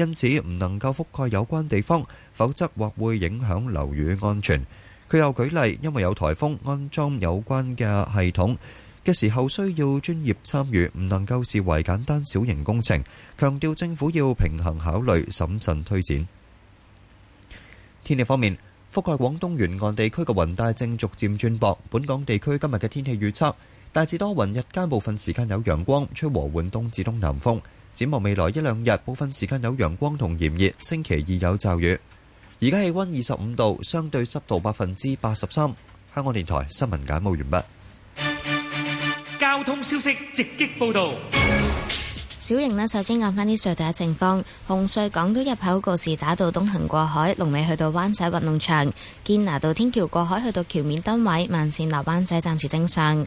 因此唔能夠覆蓋有關地方，否則或會影響樓宇安全。佢又舉例，因為有台風，安裝有關嘅系統嘅時候需要專業參與，唔能夠視為簡單小型工程。強調政府要平衡考慮，審慎推展。天氣方面，覆蓋廣東沿岸地區嘅雲帶正逐漸轉薄。本港地區今日嘅天氣預測大致多雲，日間部分時間有陽光，吹和緩東至東南風。展望未來一兩日，部分時間有陽光同炎熱。星期二有驟雨。而家氣温二十五度，相對濕度百分之八十三。香港電台新聞簡報完畢。交通消息直擊報道。小瑩呢，首先講翻啲隧道嘅情況。紅隧港島入口告示打到東行過海，龍尾去到灣仔運動場。堅拿道天橋過海去到橋面單位，慢線落灣仔暫時正常。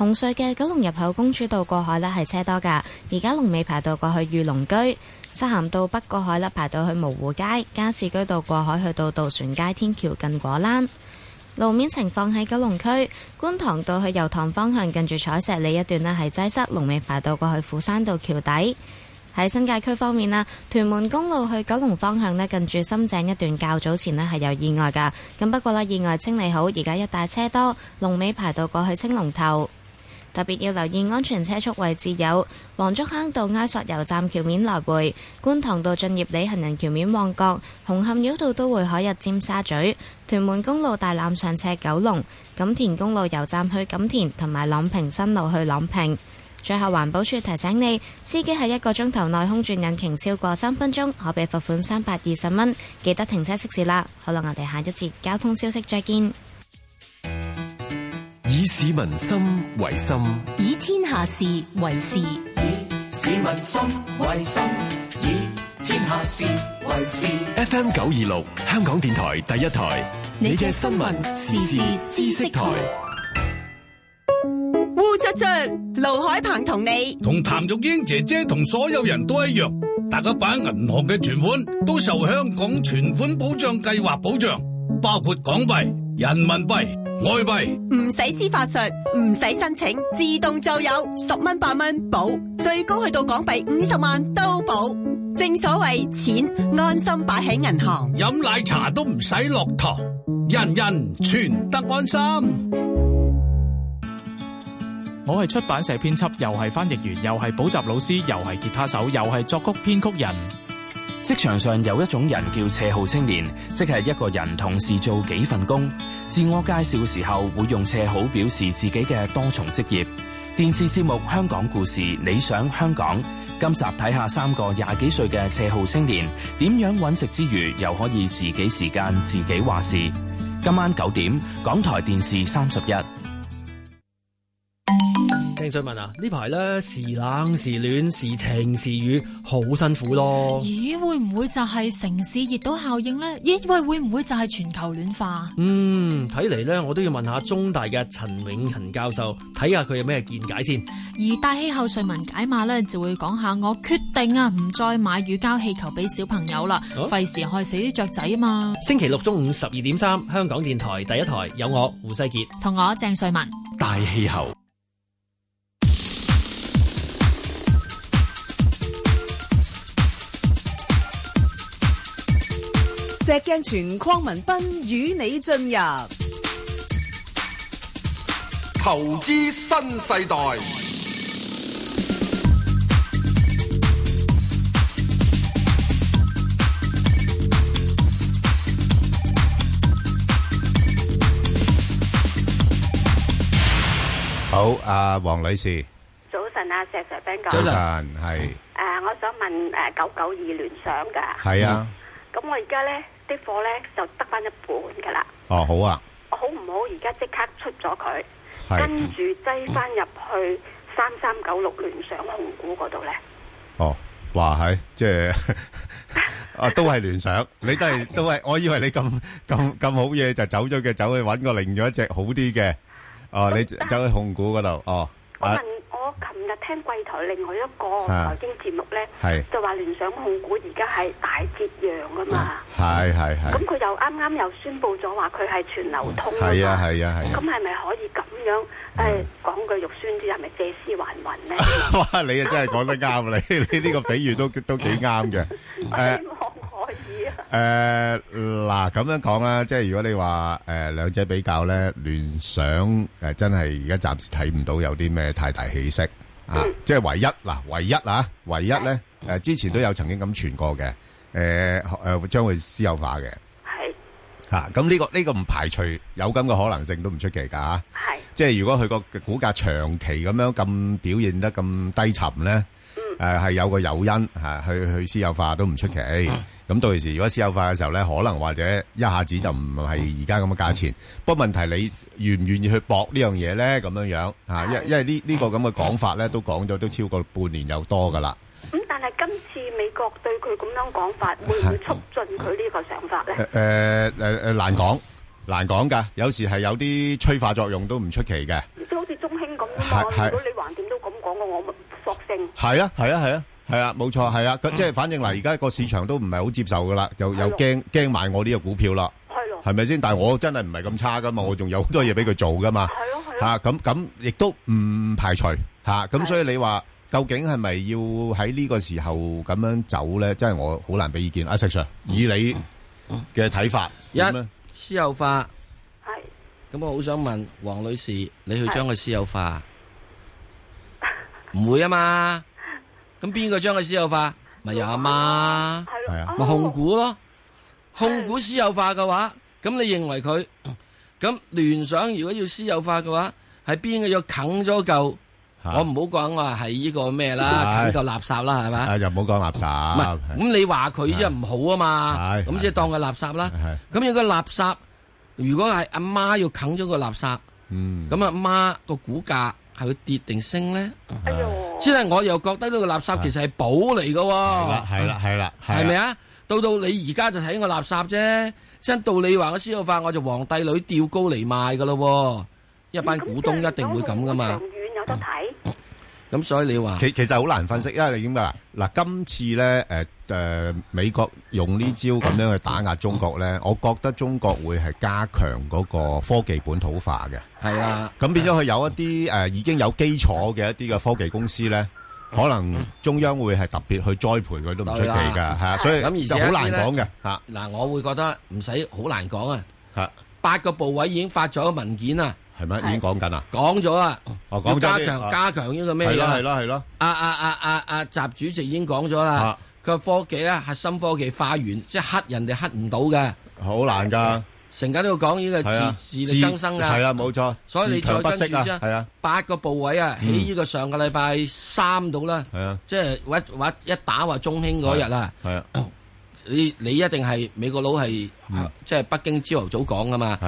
紅隧嘅九龍入口公主道過海呢係車多噶，而家龍尾排到過去御龍居、漆咸道北過海，呢排到去蕪湖街、加士居道過海，去到渡船街天橋近果欄。路面情況喺九龍區觀塘道去油塘方向，近住彩石里一段呢係擠塞，龍尾排到過去斧山道橋底。喺新界區方面啦，屯門公路去九龍方向呢近住深井一段較早前呢係有意外噶，咁不過呢意外清理好，而家一帶車多，龍尾排到過去青龍頭。特別要留意安全車速位置有黃竹坑道埃索油站橋面來回、觀塘道駿業里行人橋面旺角、紅磡繞道都會海入尖沙咀、屯門公路大欖上斜九龍、錦田公路油站去錦田同埋朗屏新路去朗屏。最後環保署提醒你，司機喺一個鐘頭內空轉引擎超過三分鐘，可被罰款三百二十蚊。記得停車熄匙啦！好啦，我哋下一節交通消息再見。以市民心為心，以天下事為事。以市民心為心，以天下事為事。FM 九二六，香港電台第一台，你嘅新聞時事知識台。烏卒卒，盧海鵬同你，同譚玉英姐姐同所有人都一樣，大家把銀行嘅存款都受香港存款保障計劃保障，包括港幣、人民幣。外幣唔使施法術，唔使申請，自動就有十蚊、八蚊保，最高去到港幣五十萬都保。正所謂錢安心擺喺銀行，飲奶茶都唔使落糖，人人全得安心。我係出版社編輯，又係翻譯員，又係補習老師，又係吉他手，又係作曲編曲人。職場上有一種人叫斜號青年，即係一個人同時做幾份工。自我介紹嘅時候會用斜號表示自己嘅多重職業。電視節目《香港故事》理想香港今集睇下三個廿幾歲嘅斜號青年點樣揾食之餘，又可以自己時間自己話事。今晚九點，港台電視三十一。鄭瑞文啊，呢排咧時冷時暖時晴時雨，好辛苦咯。咦，會唔會就係城市熱島效應咧？咦喂，會唔會就係全球暖化？嗯，睇嚟咧，我都要問下中大嘅陳永恆教授，睇下佢有咩見解先。而大氣候瑞文解碼咧，就會講下我決定啊，唔再買乳膠氣球俾小朋友啦，費事、啊、害死啲雀仔啊嘛。星期六中午十二點三，香港電台第一台有我胡世杰同我鄭瑞文，大氣候。石鏡泉鄺民彬與你進入投資新世代。好，阿黃女士，早晨啊，石 sir，Ben 哥，早晨係誒，我想問誒，九九二聯想噶，係啊，咁我而家咧。啲貨咧就得翻一半噶啦。哦，好啊。好唔好？而家即刻出咗佢，跟住擠翻入去三三九六聯想控股嗰度咧。哦，哇係即係，啊都係聯想，你都係都係，我以為你咁咁咁好嘢就走咗嘅，走去揾個另咗一隻好啲嘅。哦，你走去控股嗰度哦。我問，我琴。聽櫃台另外一個財經節目咧，就話聯想控股而家係大折陽噶嘛，係係係咁佢又啱啱又宣布咗話佢係全流通，係啊係啊係咁係咪可以咁樣誒講句肉酸啲？係咪借屍還魂咧？哇！你啊真係講得啱，你你呢個比喻都都幾啱嘅。希望可以誒嗱咁樣講啦，即係如果你話誒兩者比較咧，聯想誒真係而家暫時睇唔到有啲咩太大氣息。啊！即係唯一嗱，唯一啊，唯一咧，誒、呃，之前都有曾經咁傳過嘅，誒、呃，誒，將會私有化嘅。係是。吓、啊，咁、這、呢個呢、這個唔排除有咁嘅可能性都唔出奇噶係、啊。是即係如果佢個股價長期咁樣咁表現得咁低沉咧，誒、呃，係有個誘因吓、啊，去去私有化都唔出奇。咁到時如果私有化嘅時候咧，可能或者一下子就唔係而家咁嘅價錢。不過問題你願唔願意去搏呢樣嘢咧？咁樣樣吓，因因為、這個、這法呢呢個咁嘅講法咧，都講咗都超過半年有多噶啦。咁但係今次美國對佢咁樣講法，會唔會促進佢呢個想法咧？誒誒誒，難講難講噶，有時係有啲催化作用都唔出奇嘅。都好似中興咁咯，的如果你橫掂都咁講嘅，我咪索性係啊係啊係啊。係啊，冇錯，係啊，佢即係反正嚟，而家個市場都唔係好接受噶啦，又又驚驚買我呢個股票啦，係咪先？但係我真係唔係咁差噶嘛，我仲有好多嘢俾佢做噶嘛，吓咁咁亦都唔排除吓，咁、啊、所以你話究竟係咪要喺呢個時候咁樣走咧？即係我好難俾意見。阿、啊、石 Sir，以你嘅睇法，一私有化，係咁，我好想問黃女士，你去將佢私有化，唔是會啊嘛？咁邊個將佢私有化？咪由阿媽，係咪控股咯。控股私有化嘅話，咁你認為佢？咁聯想如果要私有化嘅話，係邊個、啊、要啃咗嚿？我唔好講話係呢個咩啦，啃嚿、哎、垃，垃圾啦，係咪、哎？就唔好講垃圾。唔係不，咁、啊、你話佢即係唔好啊嘛？係、啊，咁即係當佢垃圾啦。係、啊，咁如果垃圾，如果係阿媽要啃咗個垃圾，嗯，咁阿媽個股價。係會跌定升咧？哎唷，即係我又覺得呢個垃圾其實係寶嚟噶，係啦係啦係啦，係咪啊？到到你而家就睇個垃圾啫，真到你話我私有化我就皇帝女吊高嚟賣噶咯，一班股東一定會咁噶嘛。咁所以你話其其實好難分析，因為你點解嗱？今次咧誒。誒，美國用呢招咁樣去打壓中國咧，我覺得中國會係加強嗰個科技本土化嘅。係啊，咁變咗佢有一啲誒已經有基礎嘅一啲嘅科技公司咧，可能中央會係特別去栽培佢，都唔出奇噶。係啊，所以咁而且好難講嘅吓。嗱，我會覺得唔使好難講啊。吓，八個部委已經發咗個文件啊，係咪已經講緊啦？講咗啦，要加強加強呢個咩啦？係啦係啦係啦。阿阿阿阿習主席已經講咗啦。個科技咧，核心科技化完，即係黑人哋黑唔到嘅，好難噶。成日都要講呢個自自力更生啊，係啦，冇錯。所以你再跟住先，八個部位啊，喺呢個上個禮拜三到啦，即係或或一打話中興嗰日啊，你你一定係美國佬係即係北京朝頭早講噶嘛，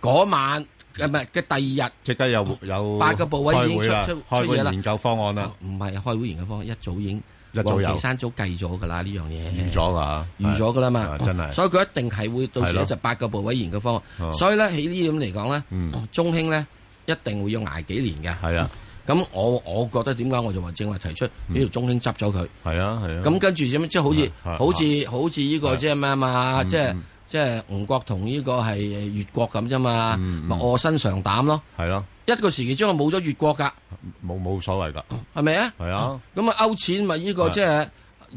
嗰晚唔係嘅第二日即刻有有八個部位已經出出開研究方案啦，唔係開會研究方案，一早已經。一組有，三計咗㗎啦，呢樣嘢預咗㗎，預咗㗎啦嘛，真係。所以佢一定係會到時咧就八個部委研究方案。所以咧喺呢啲嚟講咧，中興咧一定會要挨幾年嘅。係啊。咁我我覺得點解我就黃正華提出呢條中興執咗佢。係啊係啊。咁跟住點即係好似好似好似呢個即係咩啊嘛？即係即係吳國同呢個係越國咁啫嘛。咪卧薪嘗膽咯。係咯。一個時期將會冇咗越國噶，冇冇所謂噶，係咪啊？係啊，咁啊，勾踐咪呢個即係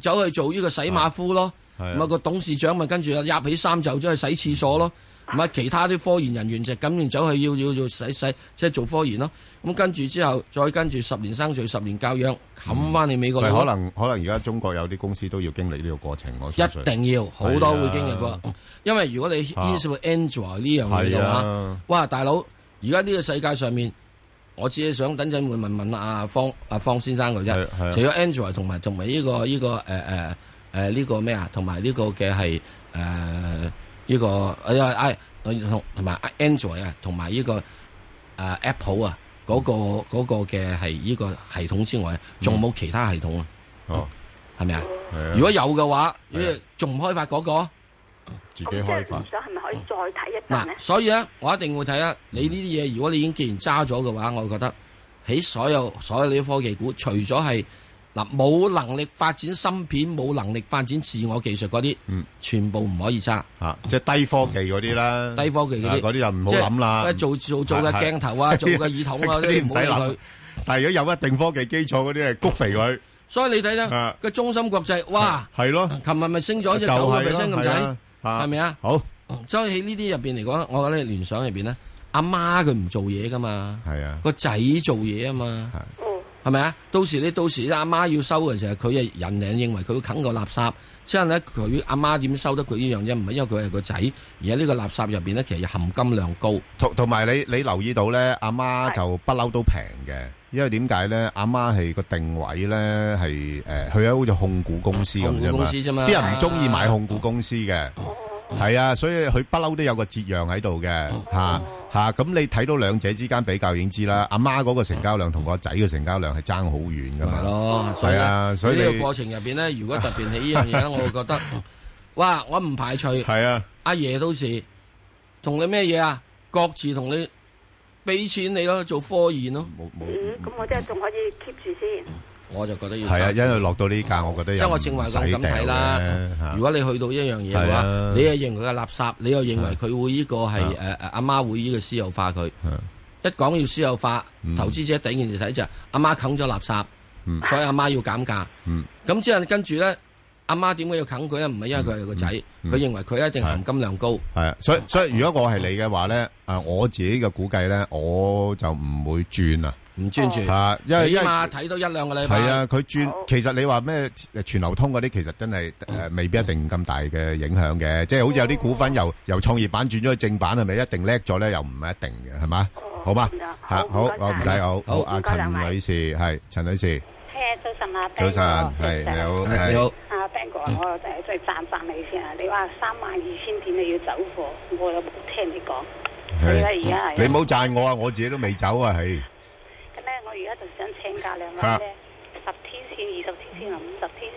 走去做呢個洗馬夫咯，咁啊個董事長咪跟住啊，壓起衫袖走去洗廁所咯，咁其他啲科研人員就咁樣走去要要要洗洗，即係做科研咯。咁跟住之後，再跟住十年生聚，十年教養，冚翻你美國。可能可能而家中國有啲公司都要經歷呢個過程，我。一定要好多會經歷過，因為如果你 u s e u l Android 呢樣嘢嘅話，哇大佬！而家呢個世界上面，我只係想等陣會問問阿方阿方先生佢啫。除咗 Android 同埋同埋呢個呢個誒誒誒呢個咩啊，同埋呢個嘅係誒呢個哎哎同同埋 Android 啊，同埋呢個誒 Apple 啊嗰個嗰個嘅係呢個系統之外，仲冇其他系統啊？係咪啊？如果有嘅話，仲唔開發嗰個？自己開發，想係咪可以再睇一陣咧？嗱，所以咧，我一定會睇啊！你呢啲嘢，如果你已經既然揸咗嘅話，我覺得喺所有所有呢啲科技股，除咗係嗱冇能力發展芯片、冇能力發展自我技術嗰啲，全部唔可以揸吓，即係低科技嗰啲啦，低科技嗰啲，嗰啲就唔好諗啦。即係做做做嘅鏡頭啊，做嘅耳筒啊，嗰啲唔使諗佢。但係如果有一定科技基礎嗰啲，係谷肥佢。所以你睇咧，個中芯國際哇，係咯，琴日咪升咗只九蚊，咪升咁滯。係咪、uh, 啊？好，所以喺呢啲入邊嚟講，我覺得聯想入邊咧，阿媽佢唔做嘢噶嘛，係啊，個仔做嘢啊嘛，係，係咪啊？到時你到時阿媽要收嘅時候，佢係人哋認為佢要啃個垃圾，之後咧佢阿媽點收得佢呢樣嘢？唔係因為佢係個仔，而喺呢個垃圾入邊咧，其實含金量高，同同埋你你留意到咧，阿媽就不嬲都平嘅。因為點解咧？阿媽係個定位咧，係誒，佢喺好似控股公司咁。啫嘛，啲人唔中意買控股公司嘅，係啊，所以佢不嬲都有個折讓喺度嘅，吓吓。咁你睇到兩者之間比較，已經知啦。阿媽嗰個成交量同個仔嘅成交量係爭好遠噶嘛。係啊，所以呢個過程入邊咧，如果特別喺呢樣嘢咧，我會覺得，哇！我唔排除。係啊，阿爺都是同你咩嘢啊？各自同你俾錢你咯，做科研咯。冇冇。咁我真係仲可以 keep 住先，我就覺得要係啊，因為落到呢價，我覺得即我又咁睇啦。如果你去到一樣嘢嘅話，你又認佢係垃圾，你又認為佢會依個係誒誒阿媽會依個私有化佢。一講要私有化，投資者第一件事睇就係阿媽啃咗垃圾，所以阿媽要減價。咁之後跟住咧，阿媽點解要啃佢咧？唔係因為佢係個仔，佢認為佢一定含金量高。係啊，所以所以如果我係你嘅話咧，誒我自己嘅估計咧，我就唔會轉啦。唔專注，起碼睇到一兩個禮拜。係啊，佢轉，其實你話咩誒全流通嗰啲，其實真係誒未必一定咁大嘅影響嘅。即係好似有啲股份由由創業板轉咗去正板啊，係咪一定叻咗咧？又唔一定嘅，係嘛？好嘛？吓好，唔使好好。阿陳女士係陳女士，誒早晨啊，早晨係你好，你好。阿 Ben 哥，我誒即係讚讚你先啊！你話三萬二千點你要走貨，我又冇聽你講。係啦，而家係。你冇讚我啊！我自己都未走啊，係。價十天線、二十天線啊，五十天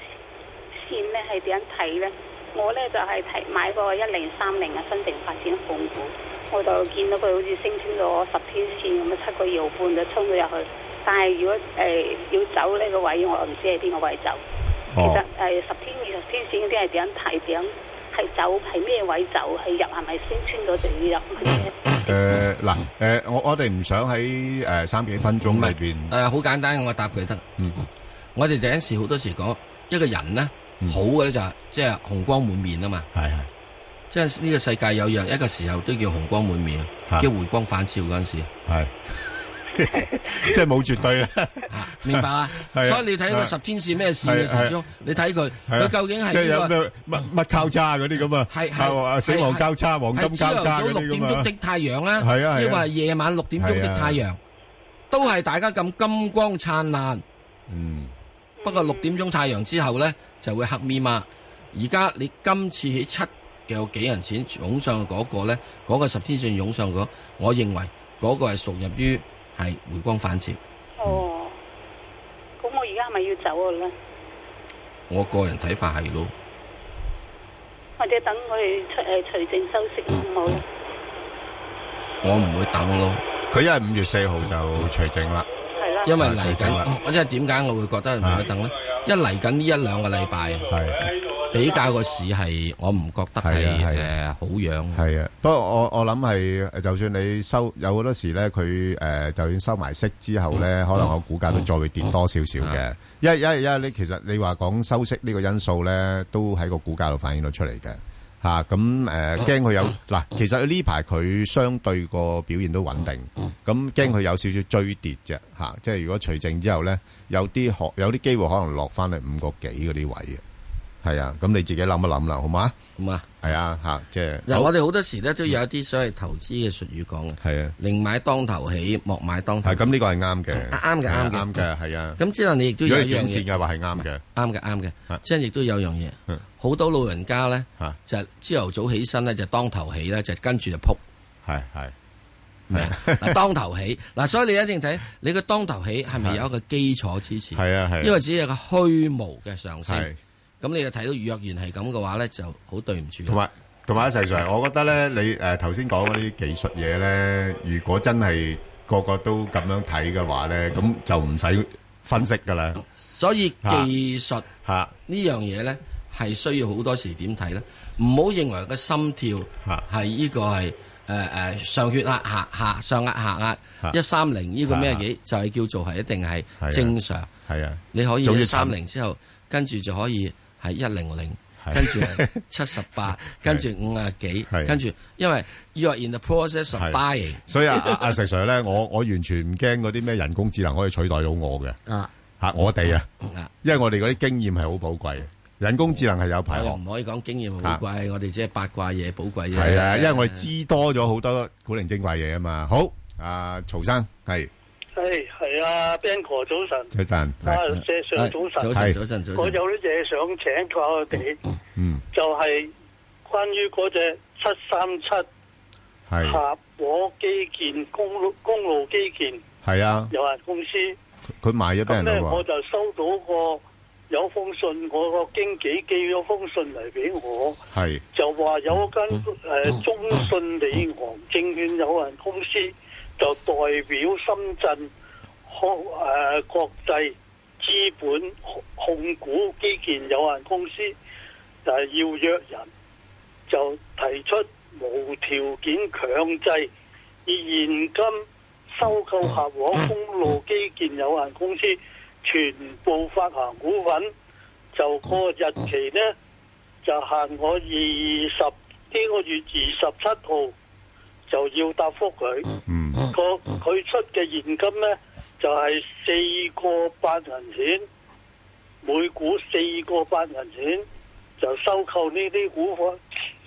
線呢係點樣睇呢？我呢就係睇買個一零三零嘅新城發展控股，我就見到佢好似升穿咗十天線咁啊，七個搖半就衝咗入去。但係如果誒要走呢個位，我唔知係邊個位走。其實誒，十天、二十天線嗰啲係點樣睇點？係走係咩位走？係入係咪先穿咗地入誒，嗱、嗯，誒、呃呃，我我哋唔想喺誒、呃、三幾分鐘裏邊。誒，好、呃、簡單，我答佢得。嗯，我哋第時好多時講，一個人咧好嘅就係即係紅光滿面啊嘛。係係是，即係呢個世界有樣一個時候都叫紅光滿面，是叫回光返照嗰陣時。係。即係冇絕對啦，明白啊？所以你睇個十天線咩事嘅時候，你睇佢佢究竟係即係有咩乜乜交叉嗰啲咁啊？係係死亡交叉、黃金交叉咁啊？係朝早六點鐘的太陽啦，因為話夜晚六點鐘的太陽都係大家咁金光燦爛。嗯，不過六點鐘太陽之後呢，就會黑咪嘛。而家你今次起七嘅有幾人錢湧上嗰個呢？嗰個十天線湧上咗，我認為嗰個係屬入於。係回光返照。嗯、哦，咁我而家係咪要走噶咧？我個人睇法係咯，或者等佢出誒除淨收息，唔 好。我唔會等咯，佢因為五月四號就除淨啦。因為嚟緊，我即係點解我會覺得唔該等咧？一嚟緊呢一兩個禮拜，比較個市係我唔覺得係嘅好樣。係啊，不過我我諗係，就算你收有好多時咧，佢誒就算收埋息之後咧，可能個股價都再會跌多少少嘅。因為、因為、因為，你其實你話講收息呢個因素咧，都喺個股價度反映到出嚟嘅。吓，咁誒驚佢有嗱，其實呢排佢相對個表現都穩定，咁驚佢有少少追跌啫吓、啊，即係如果除淨之後咧，有啲學有啲機會可能落翻嚟五個幾嗰啲位嘅。係啊，咁你自己諗一諗啦，好嘛？咁啊，係啊，吓即係。我哋好多時咧，都有一啲所謂投資嘅術語講嘅。係啊，寧買當頭起，莫買當頭。係咁，呢個係啱嘅。啱嘅，啱啱嘅，係啊。咁之後你亦都有一樣嘢。如果係短線嘅話，係啱嘅。啱嘅，啱嘅。即係亦都有樣嘢，好多老人家咧，就朝頭早起身咧，就當頭起咧，就跟住就撲。係係明嗱，當頭起嗱，所以你一定要睇，你個當頭起係咪有一個基礎支持？係啊係，因為只係個虛無嘅上升。咁你又睇到預約員係咁嘅話咧，就好對唔住。同埋同埋，阿細 Sir，我覺得咧，你誒頭先講嗰啲技術嘢咧，如果真係個個都咁樣睇嘅話咧，咁就唔使分析噶啦。所以技術嚇、啊啊、呢樣嘢咧，係需要好多時點睇咧？唔好認為個心跳嚇係呢個係誒誒上血壓下下上壓下壓一三零呢個咩幾就係叫做係一定係正常係啊？啊啊啊啊你可以一三零之後跟住就可以。係一零零，跟住七十八，跟住五啊幾，跟住 是，是因為 you are in the process of dying。所以阿、啊、阿、 啊、石 Sir 咧，我我完全唔驚嗰啲咩人工智能可以取代到我嘅。吓、啊啊、我哋啊，因為我哋嗰啲經驗係好寶貴。人工智能係有排。我唔可以講經驗寶貴，啊、我哋只係八卦嘢寶貴嘢。係啊，因為我哋知多咗好多古靈精怪嘢啊嘛。好，阿、啊、曹生係。係，係啊，Ben 哥，早晨，早晨，阿謝早晨，早晨，早晨，我有啲嘢想請教我哋，嗯，就係關於嗰隻七三七，係，合和基建公公路基建，係啊，有限公司，佢賣咗俾人，我就收到個有封信，我個經紀寄咗封信嚟俾我，係，就話有間誒中信里昂證券有限公司。就代表深圳控誒、呃、國際資本控股基建有限公司就係、呃、要約人，就提出無條件強制以現金收購合和公路基建有限公司全部發行股份，就個日期呢，就限我二十呢個月二十七號。就要答覆佢，個佢、嗯嗯、出嘅現金咧就係、是、四個八銀錢，每股四個八銀錢就收購呢啲股份，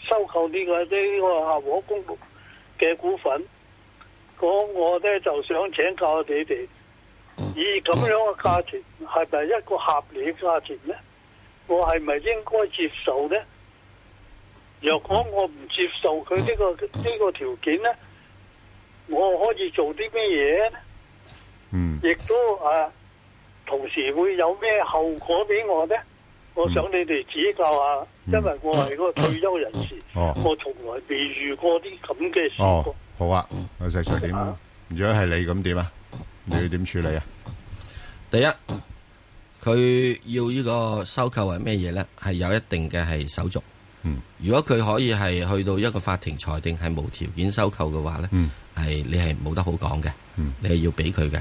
收購呢、這個呢、這個合和公路嘅股份。咁我咧就想請教你哋，以咁樣嘅價錢係咪一個合理嘅價錢咧？我係咪應該接受咧？若果我唔接受佢呢、呢個呢、呢個條件咧，我可以做啲咩嘢？嗯，亦都啊，同時會有咩後果俾我咧？我想你哋指教下，因為我係個退休人士，哦、我從來未遇過啲咁嘅事。哦，好啊，阿石長點？啊、如果係你咁點啊？你要點處理啊？第一，佢要呢個收購係咩嘢咧？係有一定嘅係手續。如果佢可以係去到一個法庭裁定係無條件收購嘅話咧，係你係冇得好講嘅，你係要俾佢嘅。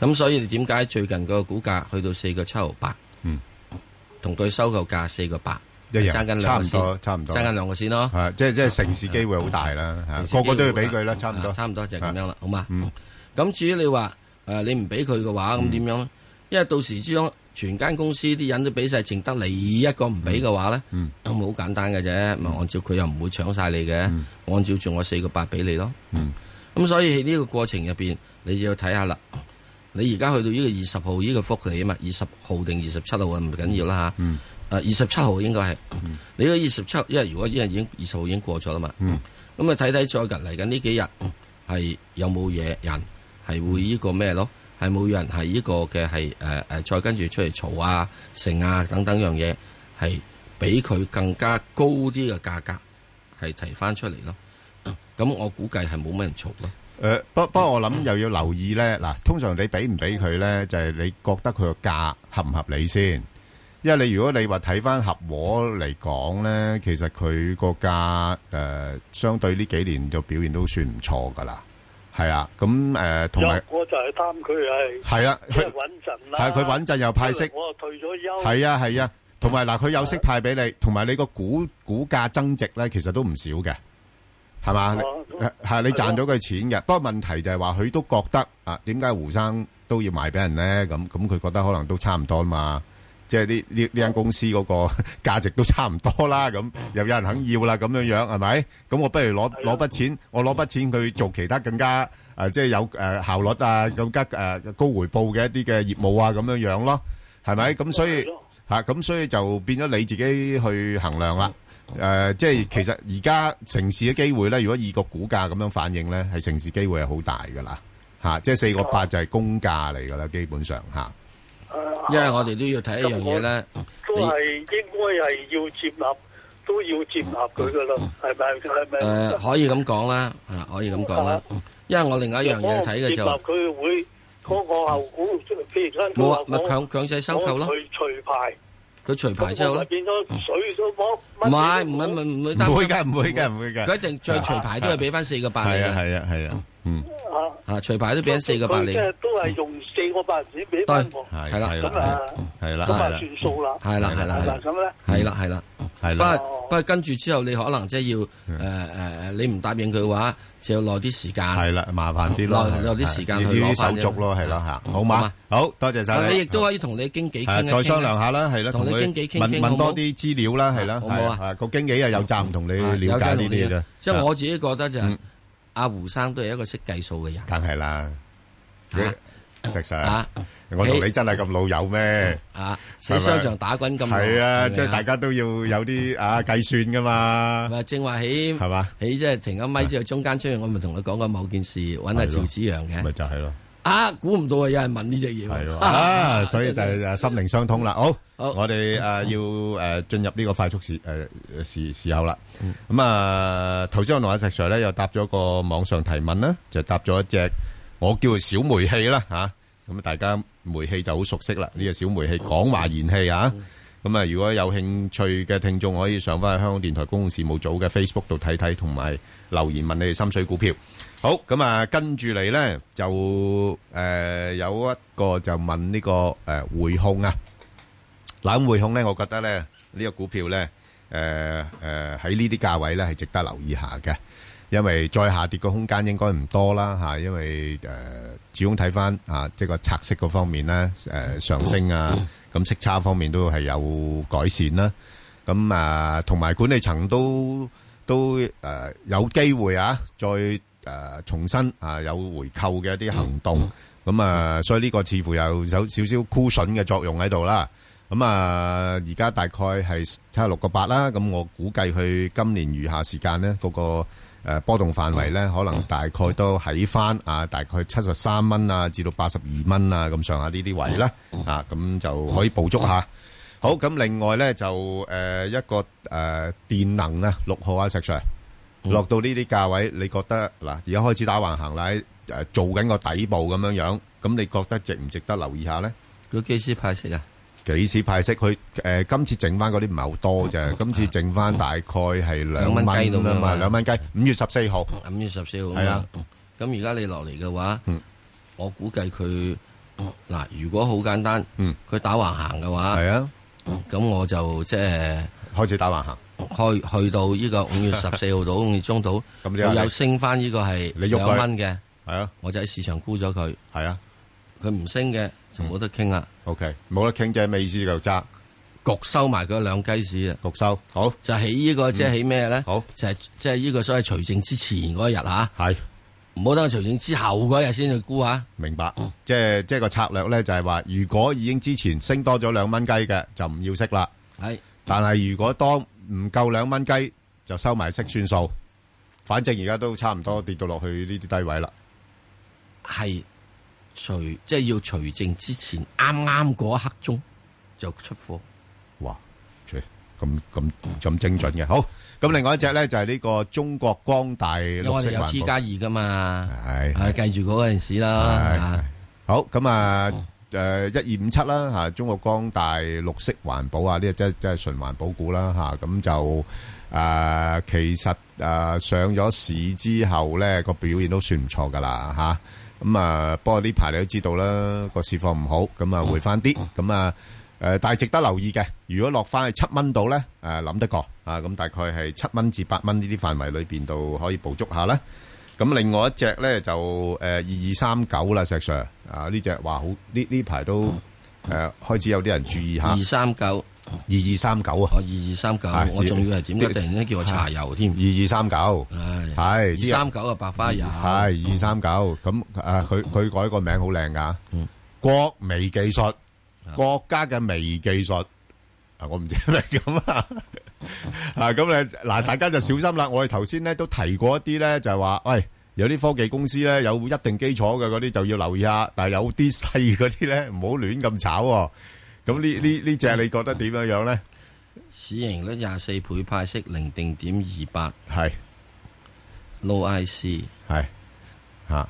咁所以點解最近個股價去到四個七毫八，同佢收購價四個八，又爭緊兩個差唔多，差唔多，爭緊兩個線咯。即係即係成市機會好大啦，個個都要俾佢啦，差唔多，差唔多就係咁樣啦，好嘛？咁至於你話誒，你唔俾佢嘅話，咁點樣？因為到時將。全間公司啲人都俾晒，淨得你一個唔俾嘅話咧，有冇好簡單嘅啫？咪、嗯、按照佢又唔會搶晒你嘅，嗯、按照仲我四個八俾你咯。咁、嗯、所以喺呢個過程入邊，你就要睇下啦。你而家去到呢個二十號呢個福利、嗯、啊嘛，二十號定二十七號啊唔緊要啦吓。誒，二十七號應該係。嗯、你個二十七，因為如果一日已經二十號已經過咗啦嘛。咁啊睇睇再近嚟緊呢幾日係有冇嘢人係會呢個咩咯？係冇人係呢個嘅係，誒誒再跟住出嚟嘈啊，成啊等等樣嘢，係比佢更加高啲嘅價格係提翻出嚟咯。咁我估計係冇乜人嘈咯。誒、呃，不不過我諗又要留意咧。嗱，通常你俾唔俾佢咧，就係，是，你覺得佢個價合唔合理先。因為你如果你話睇翻合和嚟講咧，其實佢個價誒、呃、相對呢幾年嘅表現都算唔錯㗎啦。係啊，咁、嗯、誒，同埋，我就係貪佢係係啦，係佢穩陣又派息，我退咗休，係啊係啊，同埋嗱，佢、啊、有，有息派俾你，同埋你個股股價增值咧，其實都唔少嘅，係嘛，係、啊、你賺咗佢錢嘅。啊、不過問題就係話，佢都覺得啊，點解胡生都要賣俾人咧？咁咁，佢覺得可能都差唔多嘛。即係呢呢呢間公司嗰個價值都差唔多啦，咁又有人肯要啦，咁樣樣係咪？咁我不如攞攞筆錢，我攞筆錢去做其他更加誒，即係有誒效率啊，更加誒高回報嘅一啲嘅業務啊，咁樣樣咯，係咪？咁所以吓，咁所以就變咗你自己去衡量啦。誒，即係其實而家成市嘅機會咧，如果以個股價咁樣反映咧，係成市機會係好大噶啦。吓，即係四個八就係公價嚟噶啦，基本上吓。因為我哋都要睇一樣嘢咧，都係應該係要接納，都要接納佢噶啦，係咪？係咪？誒，可以咁講啦，吓，可以咁講啦。因為我另外一樣嘢睇嘅就係接納佢會嗰個後股，譬如新。冇啊，咪強強制收購咯。佢除牌，佢除牌之後咧，變咗水都冇。唔係唔係唔係唔會，唔會噶唔會噶唔會噶，佢一定將除牌都係俾翻四個八厘。係啊係啊係啊，嗯。吓吓，除牌都俾翻四個八厘。佢即係都係用。百毫子俾翻我，係啦咁啊，係啦咁啊，算數啦，係啦係啦，咁咧，係啦係啦，係啦。不過不過跟住之後，你可能即係要誒誒，你唔答應佢嘅話，就要耐啲時間。係啦，麻煩啲咯，耐耐啲時間去攞翻。要啲手足咯，係咯吓，好嘛？好多謝晒。你亦都可以同你經紀再商量下啦，係啦，同你經紀傾一傾，問問多啲資料啦，係啦，係個經紀啊有責任同你了解呢啲嘢。即係我自己覺得就阿胡生都係一個識計數嘅人。梗係啦，你。石 Sir，我同你真係咁老友咩？喺商場打滾咁耐，係啊，即係大家都要有啲啊計算噶嘛。正話起係嘛，起即係停一咪之後，中間出去，我咪同你講過某件事，揾阿趙子陽嘅，咪就係咯。啊，估唔到啊，有人問呢隻嘢啊，所以就係心靈相通啦。好，我哋誒要誒進入呢個快速時誒時時候啦。咁啊，頭先我同阿石 Sir 咧又答咗個網上提問啦，就答咗一隻。我叫佢小煤氣啦嚇，咁啊大家煤氣就好熟悉啦。呢個小煤氣講話燃氣嚇，咁啊如果有興趣嘅聽眾可以上翻去香港電台公共事務組嘅 Facebook 度睇睇，同埋留言問你哋心水股票。好，咁啊，跟住嚟咧就誒有一個就問呢個誒匯控啊，冷匯控咧，我覺得咧呢個股票咧誒誒喺呢啲價位咧係值得留意下嘅。因為再下跌嘅空間應該唔多啦嚇，因為誒，始終睇翻啊，即係個拆息嗰方面咧，誒上升啊，咁息差方面都係有改善啦。咁啊，同埋管理層都都誒有機會啊，再誒重新啊有回購嘅一啲行動。咁啊，所以呢個似乎又有少少 cushion 嘅作用喺度啦。咁啊，而家大概係七六個八啦。咁我估計佢今年餘下時間咧，嗰個。誒波動範圍咧，可能大概都喺翻啊，大概七十三蚊啊，至到八十二蚊啊，咁上下呢啲位啦，嗯、啊咁就可以捕捉下。好，咁另外咧就誒、呃、一個誒、呃、電能咧，六號啊，石 Sir 落到呢啲價位，你覺得嗱而家開始打橫行啦，誒、啊、做緊個底部咁樣樣，咁你覺得值唔值得留意下咧？佢幾時派息啊？幾次派息？佢誒今次整翻嗰啲唔係好多啫。今次整翻大概係兩蚊雞到啦嘛，兩蚊雞。五月十四號，五月十四號。係啊。咁而家你落嚟嘅話，我估計佢嗱，如果好簡單，佢打橫行嘅話，咁我就即係開始打橫行，開去到呢個五月十四號到五月中到，佢又升翻呢個係兩蚊嘅。係啊，我就喺市場沽咗佢。係啊，佢唔升嘅就冇得傾啦。O K，冇得傾，這個，即係咩意思就揸局收埋嗰兩雞屎。是啊！局收好就起呢個即係起咩咧？好就係即係呢個所謂除證之前嗰一日吓，係唔好等除證之後嗰日先去估啊！明白，嗯、即係即係個策略咧，就係話如果已經之前升多咗兩蚊雞嘅就唔要息啦。係是，但係如果當唔夠兩蚊雞就收埋息算數，反正而家都差唔多跌到落去呢啲低位啦。係。除即係要除淨之前，啱啱嗰一刻鐘就出貨。哇！咁咁咁精準嘅，好。咁另外一隻咧就係、是、呢個中國光大。因為有 T 加二噶嘛，係係計住嗰陣時啦、哎哎哎。好咁、呃、啊，誒一二五七啦吓，中國光大綠色環保啊，呢個即係即係純環保股啦吓。咁、啊、就誒、啊、其實誒、啊、上咗市之後咧個表現都算唔錯噶啦吓。啊咁啊，不過呢排你都知道啦，個市況唔好，咁啊回翻啲，咁啊，誒，但係值得留意嘅，如果落翻去七蚊度咧，誒，諗得過，啊，咁大概係七蚊至八蚊呢啲範圍裏邊度可以捕捉下啦。咁另外一隻咧就誒二二三九啦，石 Sir，啊呢隻話好呢呢排都。誒，開始有啲人注意吓，二三九，二二三九啊，二二三九，我仲以為點解突然咧叫我茶油添？二二三九，係二三九嘅白花油，係二三九，咁誒，佢佢改個名好靚噶，國微技術，國家嘅微技術，啊，我唔知咩咁啊，啊，咁你嗱，大家就小心啦，我哋頭先咧都提過一啲咧，就係話，喂。有啲科技公司咧有一定基礎嘅嗰啲就要留意下，但係有啲細嗰啲咧唔好亂咁炒喔。咁呢呢呢隻你覺得點樣樣咧？市盈率廿四倍派息零定點二八係。28, 是 Low I C 係吓，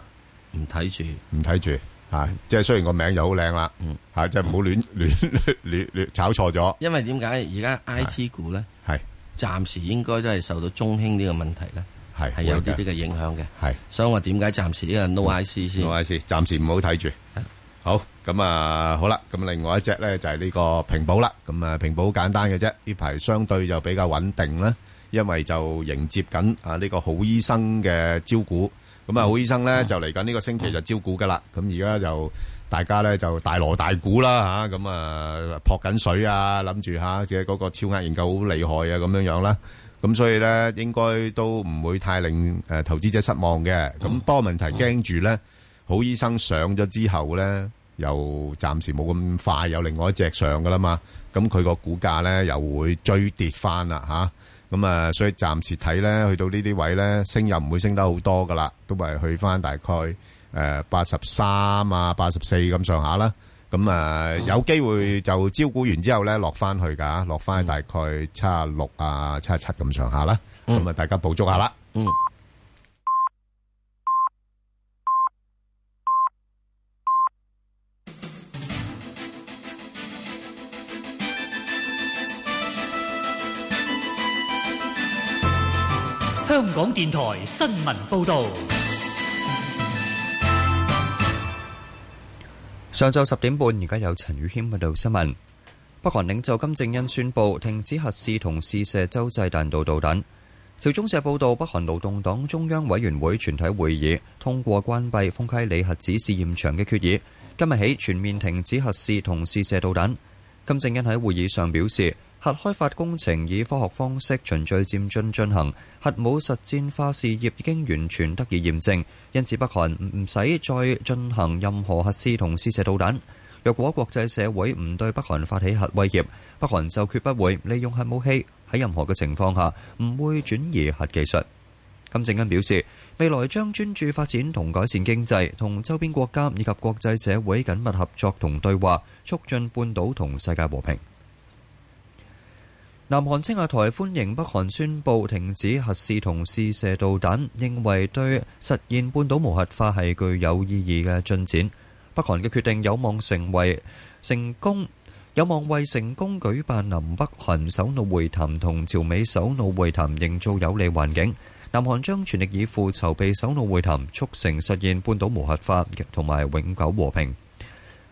唔睇住，唔睇住吓，即係雖然個名又好靚啦，吓即係唔好亂亂亂亂炒錯咗。因為點解而家 I T 股咧，係暫時應該都係受到中興呢個問題咧。係係有啲啲嘅影響嘅，係，所以我點解暫時呢個 no IC 先？no IC，暫時唔好睇住。好，咁啊，好啦，咁另外一隻咧就係呢個平保啦。咁啊，平保好簡單嘅啫，呢排相對就比較穩定啦，因為就迎接緊啊呢個好醫生嘅招股。咁啊，好醫生咧就嚟緊呢個星期就招股噶啦。咁而家就大家咧就大鑼大鼓啦，吓，咁啊，撲緊水啊，諗住吓，而且嗰個超額研究好厲害啊，咁樣樣啦。咁所以咧，應該都唔會太令誒、呃、投資者失望嘅。咁多個問題驚住咧，好醫生上咗之後咧，又暫時冇咁快有另外一隻上噶啦嘛。咁佢個股價咧又會追跌翻啦吓，咁啊，啊，所以暫時睇咧，去到呢啲位咧，升又唔會升得好多噶啦，都係去翻大概誒八十三啊、八十四咁上下啦。咁啊，呃嗯、有機會就招股完之後咧，落翻去㗎，落翻大概七啊六啊七啊七咁上下啦。咁啊，嗯、大家捕捉下啦。嗯。嗯，香港電台新聞報道。上晝十點半，而家有陳宇軒報導新聞。北韓領袖金正恩宣布停止核試同試射洲際彈道導彈。朝中社報道，北韓勞動黨中央委員會全體會議通過關閉豐溪里核子試驗場嘅決議，今日起全面停止核試同試射導彈。金正恩喺會議上表示。核開發工程以科學方式循序漸進進行，核武實戰化事業已經完全得以驗證，因此北韓唔使再進行任何核試同試射導彈。若果國際社會唔對北韓發起核威脅，北韓就決不會利用核武器，喺任何嘅情況下唔會轉移核技術。金正恩表示，未來將專注發展同改善經濟，同周邊國家以及國際社會緊密合作同對話，促進半島同世界和平。南韓青瓦台歡迎北韓宣布停止核試同試射導彈，認為對實現半島無核化係具有意義嘅進展。北韓嘅決定有望成為成功，有望為成功舉辦南北韓首腦會談同朝美首腦會談營造有利環境。南韓將全力以赴籌備首腦會談，促成實現半島無核化同埋永久和平。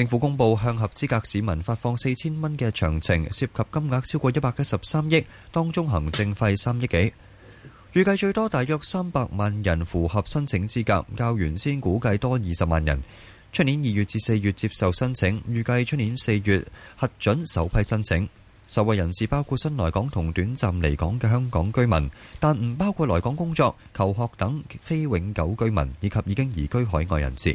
政府公布向合資格市民發放四千蚊嘅詳情，涉及金額超過一百一十三億，當中行政費三億幾。預計最多大約三百萬人符合申請資格，較原先估計多二十萬人。出年二月至四月接受申請，預計出年四月核准首批申請。受惠人士包括新來港同短暫離港嘅香港居民，但唔包括來港工作、求學等非永久居民，以及已經移居海外人士。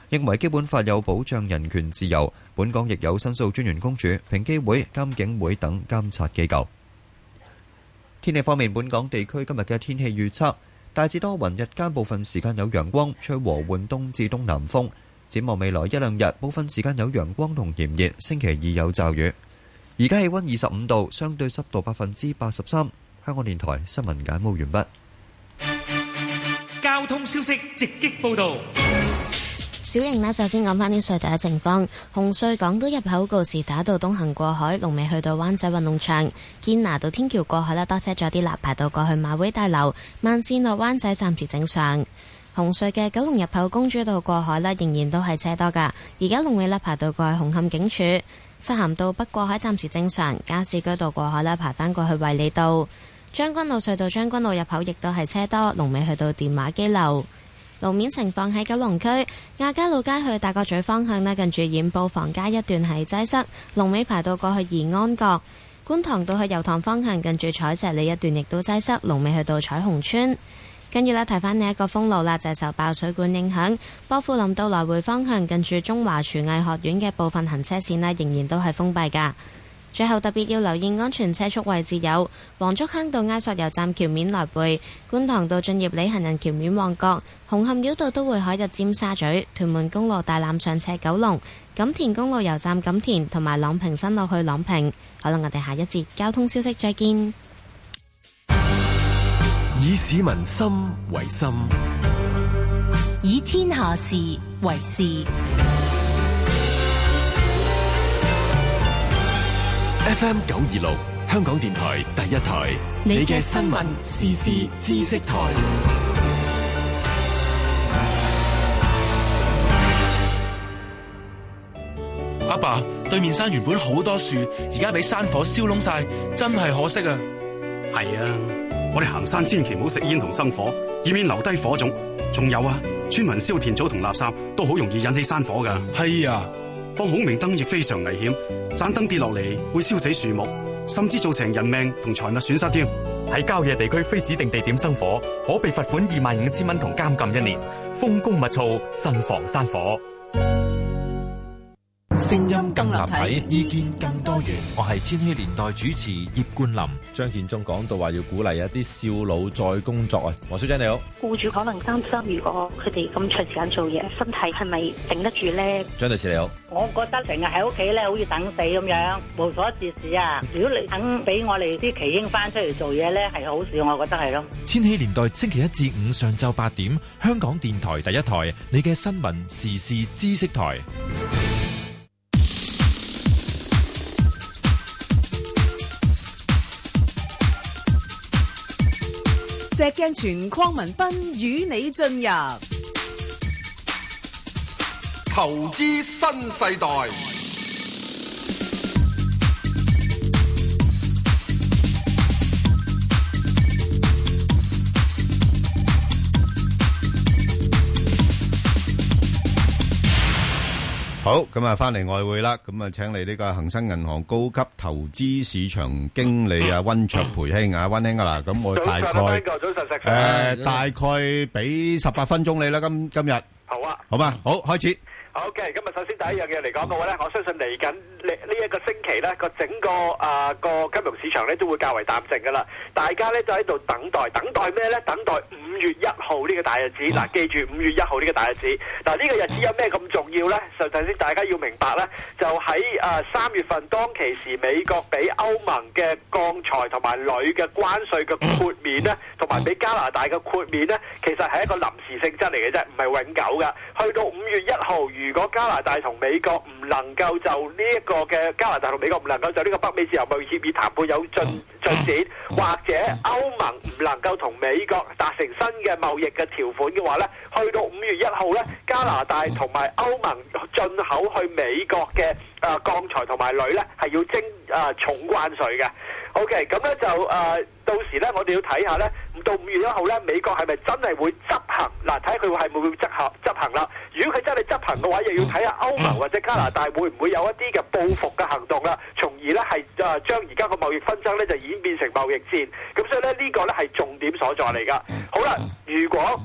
認為基本法有保障人權自由，本港亦有申訴專員公署、平機會、監警會等監察機構。天氣方面，本港地區今日嘅天氣預測大致多雲，日間部分時間有陽光，吹和緩東至東南風。展望未來一兩日，部分時間有陽光同炎熱，星期二有驟雨。而家氣溫二十五度，相對濕度百分之八十三。香港電台新聞簡報完畢。交通消息直擊報道。小盈呢，首先講返啲隧道嘅情況。紅隧港島入口告士打道東行過海，龍尾去到灣仔運動場；堅拿道天橋過海啦，多車咗啲啦，排到過去馬會大樓。慢線落灣仔暫時正常。紅隧嘅九龍入口公主道過海啦，仍然都係車多噶。而家龍尾啦，排到過去紅磡警署。漆咸道北過海暫時正常。加士居道過海啦，排返過去衛理道。將軍路隧道將軍路入口亦都係車多，龍尾去到電話機樓。路面情況喺九龍區亞皆老街去大角咀方向咧，近住染布房街一段係擠塞，龍尾排到過去怡安閣。觀塘道去油塘方向，近住彩石里一段亦都擠塞，龍尾去到彩虹村。跟住呢，提翻呢一個封路啦，就係、是、受爆水管影響，波富林道來回方向近住中華廚藝學院嘅部分行車線呢，仍然都係封閉噶。最後特別要留意安全車速位置，有黃竹坑道埃索油站橋面來回，觀塘道駿業里行人橋面旺角、紅磡繞道都會海入尖沙咀、屯門公路大欖上斜九龍、錦田公路油站錦田同埋朗屏新路去朗屏。好啦，我哋下一節交通消息再見。以市民心為心，以天下事為事。FM 九二六，香港電台第一台。你嘅新聞時事知識台。阿爸、爸，對面山原本好多樹，而家俾山火燒窿晒，真係可惜啊！係啊，我哋行山千祈唔好食煙同生火，以免留低火種。仲有啊，村民燒田草同垃圾都好容易引起山火噶。係啊。放孔明燈亦非常危險，盞燈跌落嚟會燒死樹木，甚至造成人命同財物損失添。喺郊野地區非指定地點生火，可被罰款二萬五千蚊同監禁一年。風高物燥，慎防山火。聲音更立體，意見更多元。我係千禧年代主持葉冠霖。張建宗講到話要鼓勵一啲少老再工作喂。黃小姐你好，僱主可能擔心如果佢哋咁長時間做嘢，身體係咪頂得住咧？張女士你好，我覺得成日喺屋企咧，好似等死咁樣，無所事事啊！如果你肯俾我哋啲耆英翻出嚟做嘢咧，係好事。我覺得係咯。千禧年代星期一至五上晝八點，香港電台第一台，你嘅新聞時事知識台。石鏡泉、鄺民彬與你進入投資新世代。好，咁啊，翻嚟外匯啦，咁啊，請嚟呢個恒生銀行高級投資市場經理啊，溫卓培兄啊，溫兄噶啦，咁我大概，早晨溫哥，早晨石生，誒，大概俾十八分鐘你啦，今今日，好啊，好嘛，好，開始，好嘅，今日首先第一樣嘢嚟講，各位咧，我相信嚟緊呢呢一個星期咧，個整個啊個金融市場咧都會較為淡靜噶啦，大家咧就喺度等待，等待咩咧？等待。月一號呢個大日子，嗱，記住五月一號呢個大日子。嗱，呢個日子有咩咁重要呢？就首先大家要明白呢，就喺誒三月份當其時，美國俾歐盟嘅鋼材同埋鋁嘅關稅嘅豁免呢，同埋俾加拿大嘅豁免呢，其實係一個臨時性質嚟嘅啫，唔係永久噶。去到五月一號，如果加拿大同美國唔能夠就呢一個嘅加拿大同美國唔能夠就呢個北美自由貿易協議談判有進。進展，或者歐盟唔能夠同美國達成新嘅貿易嘅條款嘅話呢去到五月一號呢，加拿大同埋歐盟進口去美國嘅啊、呃、鋼材同埋鋁呢，係要徵啊、呃、重關稅嘅。OK，咁咧就啊。呃到時咧，我哋要睇下咧，到五月一號咧，美國係咪真係會執行？嗱，睇下佢會唔會執行執行啦。如果佢真係執行嘅話，又要睇下歐盟或者加拿大會唔會有一啲嘅報復嘅行動啦，從而咧係啊將而家嘅貿易紛爭咧就演變成貿易戰。咁所以咧呢個咧係重點所在嚟㗎。好啦，如果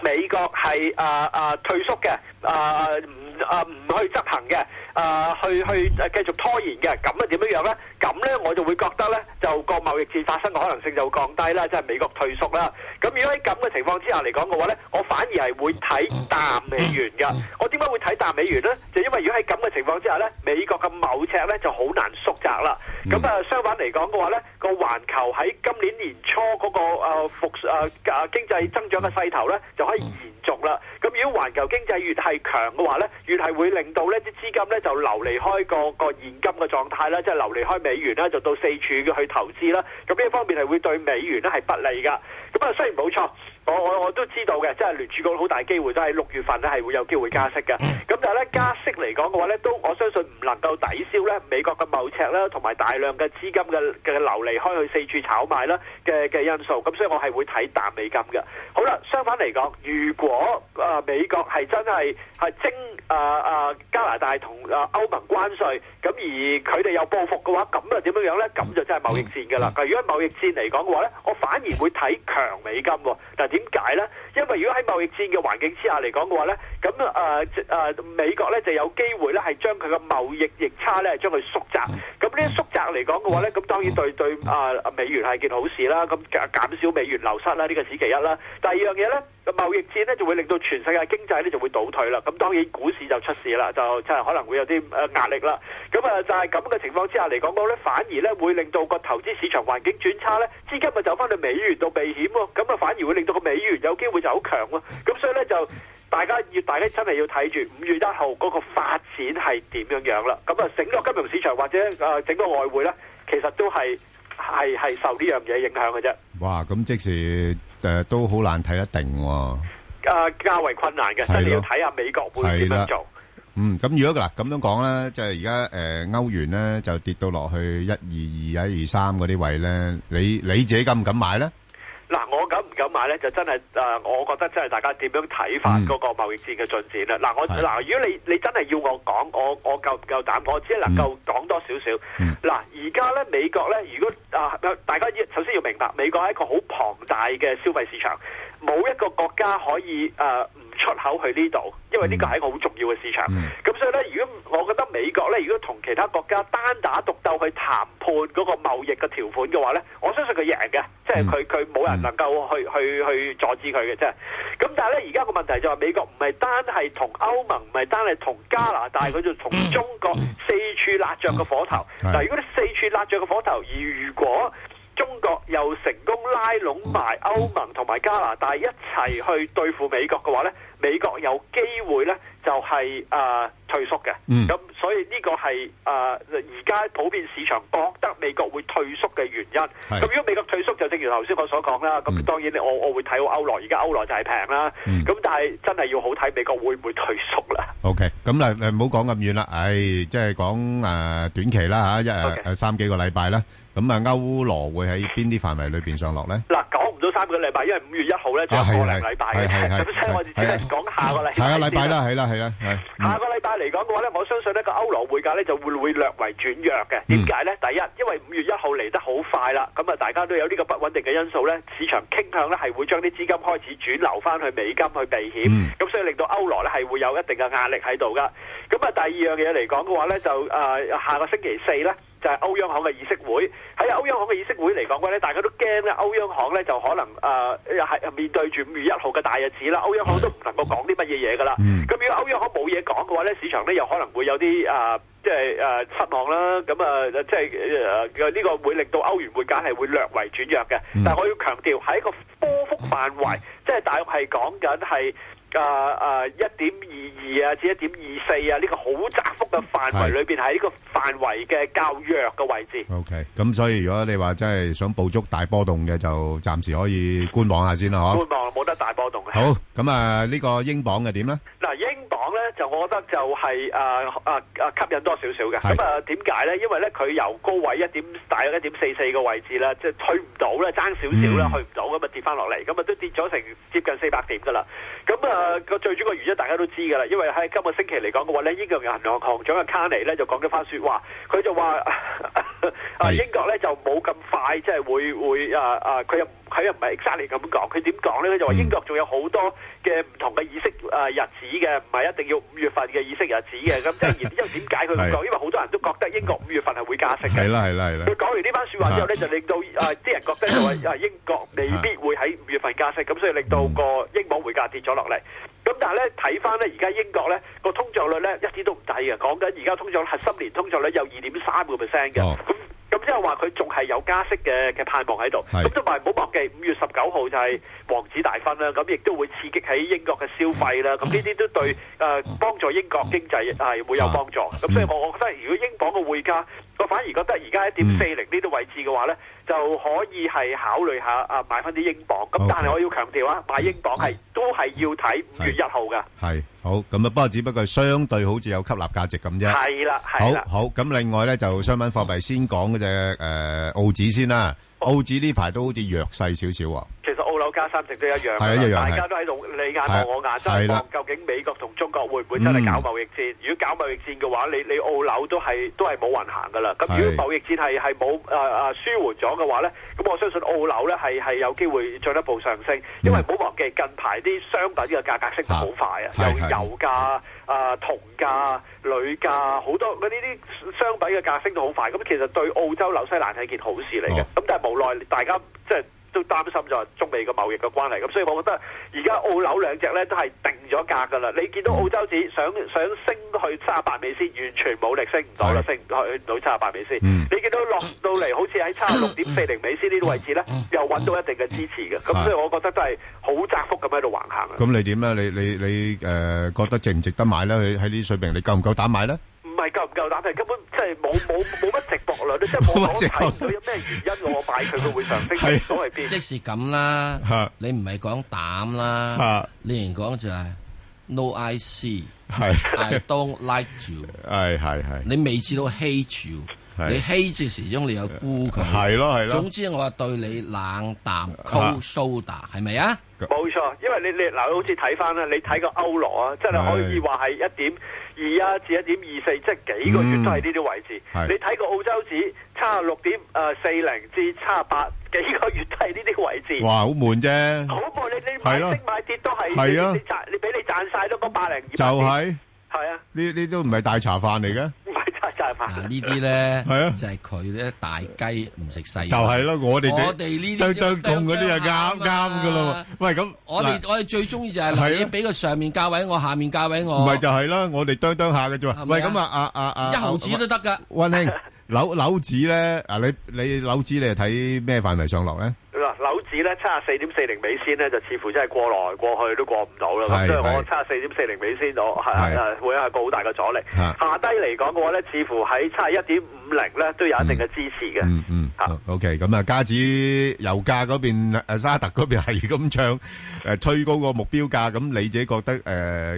美國係啊啊退縮嘅。啊唔啊唔去執行嘅、呃、啊去去繼續拖延嘅咁咧點樣樣咧？咁咧我就會覺得咧，就個貿易戰發生嘅可能性就降低啦，即、就、係、是、美國退縮啦。咁如果喺咁嘅情況之下嚟講嘅話咧，我反而係會睇淡美元㗎。我點解會睇淡美元咧？就因為如果喺咁嘅情況之下咧，美國嘅貿赤咧就好難縮窄啦。咁啊相反嚟講嘅話咧，個環球喺今年年初嗰、那個啊復啊啊經濟增長嘅勢頭咧就可以延續啦。咁如果環球經濟越係強嘅話咧，越係會令到呢啲資金咧就流離開個個現金嘅狀態啦，即係流離開美元啦，就到四處去投資啦。咁呢方面係會對美元咧係不利噶。咁啊，雖然冇錯。我我我都知道嘅，即係聯儲局好大機會都係六月份咧係會有機會加息嘅。咁但係咧，加息嚟講嘅話咧，都我相信唔能夠抵消咧美國嘅貿赤啦，同埋大量嘅資金嘅嘅流離開去四處炒賣啦嘅嘅因素。咁所以我係會睇淡美金嘅。好啦，相反嚟講，如果啊、呃、美國係真係係徵啊啊加拿大同啊歐盟關稅，咁而佢哋有報復嘅話，咁又點樣樣咧？咁就真係貿易戰噶啦。但、嗯嗯嗯、如果貿易戰嚟講嘅話咧，我反而會睇強美金喎。點解呢？因為如果喺貿易戰嘅環境之下嚟講嘅話呢，咁誒誒美國呢就有機會呢係將佢嘅貿易逆差呢將佢縮窄。咁呢啲縮窄嚟講嘅話呢，咁當然對對啊、呃、美元係件好事啦。咁減少美元流失啦，呢、這個係其一啦。第二樣嘢呢。貿易戰咧，就會令到全世界經濟咧，就會倒退啦，咁當然股市就出事啦，就即係可能會有啲誒壓力啦。咁啊就係咁嘅情況之下嚟講講咧，反而咧會令到個投資市場環境轉差咧，資金咪走翻去美元度避險喎，咁啊反而會令到個美，美元有機會就好強咯。咁所以咧就大家要大家真係要睇住五月一號嗰個發展係點樣樣啦。咁啊整個金融市場或者誒整個外匯咧，其實都係係係受呢樣嘢影響嘅啫。哇！咁即時。誒，都好難睇得定，誒，較為困難嘅，即係你要睇下美國會點做。嗯，咁如果嗱咁樣講咧，即係而家誒，歐元咧就跌到落去一二二、一二三嗰啲位咧，你你自己敢唔敢買咧？嗱，我敢唔敢買呢？就真係誒、呃，我覺得真係大家點樣睇法嗰個貿易戰嘅進展、嗯、啦。嗱，我嗱，如果你你真係要我講，我我夠唔夠膽我只係能夠講多少少。嗱、嗯，而家呢，美國呢，如果啊、呃，大家要首先要明白，美國係一個好龐大嘅消費市場，冇一個國家可以誒、呃出口去呢度，因為呢個係一個好重要嘅市場。咁、嗯、所以咧，如果我覺得美國咧，如果同其他國家單打獨鬥去談判嗰個貿易嘅條款嘅話咧，我相信佢贏嘅，嗯、即係佢佢冇人能夠去、嗯、去去，去阻止佢嘅，啫。咁但係咧，而家個問題就係美國唔係單係同歐盟，唔係單係同加拿大，佢、嗯、就同中國四處辣着個火頭。嗱、嗯、嗯嗯、但如果你四處辣着個火頭，如果中國又成功拉攏埋歐盟同埋加拿大一齊去對付美國嘅話咧？美國有機會咧、就是，就係啊退縮嘅。咁、嗯、所以呢個係啊而家普遍市場覺得美國會退縮嘅原因。咁是如果美國退縮，就正如頭先我所講啦。咁、嗯、當然我我會睇好歐羅，而家歐羅就係平啦。咁、嗯、但係真係要好睇美國會唔會退縮啦？OK，咁嗱唔好講咁遠啦。唉、哎，即係講啊短期啦嚇，一三幾個禮拜啦。咁啊 Okay. 歐羅會喺邊啲範圍裏邊上落咧？嗱、嗯。三個禮拜，因為五月一號咧就係個零禮拜嘅，咁所以我哋只能講下個禮拜啦，係啦係啦，下個禮拜嚟講嘅話咧，我相信呢個歐羅匯價咧就會會略為轉弱嘅。點解咧？第一，因為五月一號嚟得好快啦，咁啊大家都有呢個不穩定嘅因素咧，市場傾向咧係會將啲資金開始轉流翻去美金去避險，咁所以令到歐羅咧係會有一定嘅壓力喺度噶。咁啊，第二樣嘢嚟講嘅話呢，就啊、呃，下個星期四呢，就係、是、歐央行嘅議息會。喺歐央行嘅議息會嚟講嘅話呢，大家都驚呢，歐央行呢，就可能啊，又、呃、係面對住五月一號嘅大日子啦。歐央行都唔能夠講啲乜嘢嘢噶啦。咁、哎、呦如果歐央行冇嘢講嘅話呢，市場呢又可能會有啲啊、呃，即係啊失望啦。咁、呃、啊，即係呢、呃這個會令到歐元匯價係會略為轉弱嘅。哎、呦但係我要強調，喺一個波幅範圍，即係大約係講緊係。啊啊！一點二二啊，至一點二四啊，呢個好窄幅嘅範圍裏邊，喺呢個範圍嘅較弱嘅位置。O K。咁所以如果你話真係想捕捉大波動嘅，就暫時可以觀望下先啦，嗬。觀望冇得大波動嘅。好，咁啊，呢個英鎊係點咧？嗱，英鎊。咧就，我覺得就係誒誒誒吸引多少少嘅。咁 啊樂，點解咧？因為咧，佢由高位一點大約一點四四個位置咧，即係推唔到咧，爭少少啦，去唔到咁啊，跌翻落嚟，咁啊，都跌咗成接近四百點噶啦。咁啊，個最主要嘅原因大家都知噶啦，因為喺今個星期嚟講嘅話咧，英國銀行行長嘅卡尼咧就講咗番説話，佢就話。啊！是英國咧就冇咁快，即係會會啊啊！佢又佢又唔係 exactly 咁講，佢點講咧？就話英國仲有好多嘅唔同嘅議息啊、呃、日子嘅，唔係一定要五月份嘅議息日子嘅。咁即係而，是因為點解佢咁講？因為好多人都覺得英國五月份係會加息嘅。係啦係啦係啦！佢講完呢番説話之後咧，的就令到啊啲的人覺得就話啊英國未必會喺五月份加息，咁的的所以令到個英鎊匯價跌咗落嚟。咁但係咧睇返咧，而家英國咧個通脹率咧一啲都唔低嘅，講緊而家通脹核心年通脹率有二點三個 percent 嘅，咁咁即係話佢仲係有加息嘅嘅盼望喺度。咁同埋唔好冇忘記五月十九號就係王子大婚啦，咁亦都會刺激喺英國嘅消費啦。咁呢啲都對誒、呃、幫助英國經濟係會有幫助。咁、啊、所以我覺得如果英鎊嘅匯價，我反而覺得而家一點四零呢啲位置嘅話咧。嗯嗯就可以係考慮下啊，買翻啲英鎊。咁 Okay. 但係我要強調啊，買英鎊係、啊、都係要睇五月一號嘅，係好咁啊，不過只不過相對好似有吸納價值咁啫。係啦，好好咁，另外咧就商品貨幣先講嗰隻誒澳紙先啦。好澳紙呢排都好似弱勢少少啊。其實澳樓加三成都一樣啦，的大家都喺度的你眼望我眼，爭望的究竟美國同中國會唔會真係搞貿易戰？嗯、如果搞貿易戰嘅話，你你澳樓都係都係冇運行㗎喇。咁的如果貿易戰係係冇啊啊舒緩咗嘅話咧，咁我相信澳樓咧係係有機會進一步上升，嗯、因為唔好忘記近排啲商品嘅價格升得好快啊，有油價啊、銅價、鋁價好多呢啲商品嘅價升得好快。咁其實對澳洲紐西蘭係件好事嚟嘅，咁、哦、但係無奈大家即係。都擔心咗中美嘅貿易嘅關係，咁所以我覺得而家澳樓兩隻咧都係定咗價噶啦。你見到澳洲紙想想升去七十八美仙，完全冇力，升唔是到啦，升唔到七十八美仙。你見到落到嚟好似喺七十六點四零美仙呢啲位置咧，又揾到一定嘅支持嘅。咁所以我覺得都係好窄幅咁喺度橫行咁是你點咧？你你你誒、呃、覺得值唔值得買咧？喺呢啲水平，你夠唔夠膽買咧？唔係夠唔夠膽係根本。 即係冇冇冇乜直播啦，即係冇講睇唔到有咩原因我買佢佢會上升，講嚟變即使咁啦。吓、啊，你唔係講膽啦，你然講就係 no I See，係是 I don't like you，係係係，你未至到 hate you，是你 hate 始終你有沽佢，係咯係咯。總之我對你冷淡，cold shoulder 係咪啊？冇錯，因為你你嗱，好似睇翻啦，你睇個歐羅啊，真係可以話係一點。二啊、嗯、至一點二四，即係幾個月都係呢啲位置。你睇個澳洲紙，七六點誒四零至七八，幾個月都係呢啲位置。哇，好悶啫！好悶，你你買升買跌都係係啊，你賺你俾你賺晒都得百零二。就係係啊，呢呢都唔係大茶飯嚟嘅。 就係嘛呢啲咧，係啊，就係佢咧大雞唔食細，就係咯。我哋我哋呢啲掙掙控嗰啲就啱啱噶啦。喂，咁我哋我哋最中意就係你俾個上面價位我，下面價位我。唔係就係啦，我哋掙掙下嘅啫。喂，咁啊啊啊啊！一毫子都得噶，溫馨，扭扭子咧啊！你你扭子你係睇咩範圍上落咧？樓指咧七十四點四零美仙呢，就似乎真係過來過去都過唔到啦。所以我七十四點四零美仙，我係啊會有個好大嘅阻力。下低嚟講嘅話咧，似乎喺七十一點五零咧都有一定嘅支持嘅。嗯 OK 咁啊，加指油價嗰邊，沙特嗰邊係咁唱誒推高個目標價，咁你自己覺得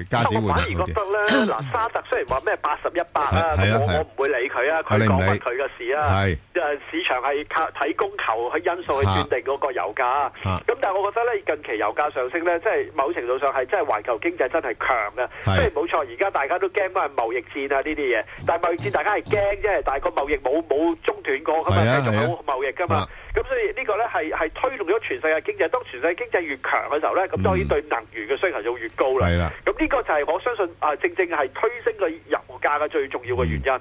誒加指會點？我反而覺得咧，嗱，沙特雖然話咩八十一八啊，我我唔會理佢啊，佢講乜佢嘅事啊。係。誒，市場係靠睇供求去因素去決定個油價咁，但係我覺得咧，近期油價上升咧，即係某程度上係真係環球經濟真係強嘅，即係冇錯。而家大家都驚返係貿易戰啊呢啲嘢，但係貿易戰大家係驚啫，但係個貿易冇冇中斷過噶、啊、嘛，仲有貿易噶嘛，咁、啊、所以呢個咧係係推動咗全世界經濟。當全世界經濟越強嘅時候咧，咁當然對能源嘅需求就會越高啦。咁呢、嗯、個就係我相信啊，正正係推升個油價嘅最重要嘅原因。嗯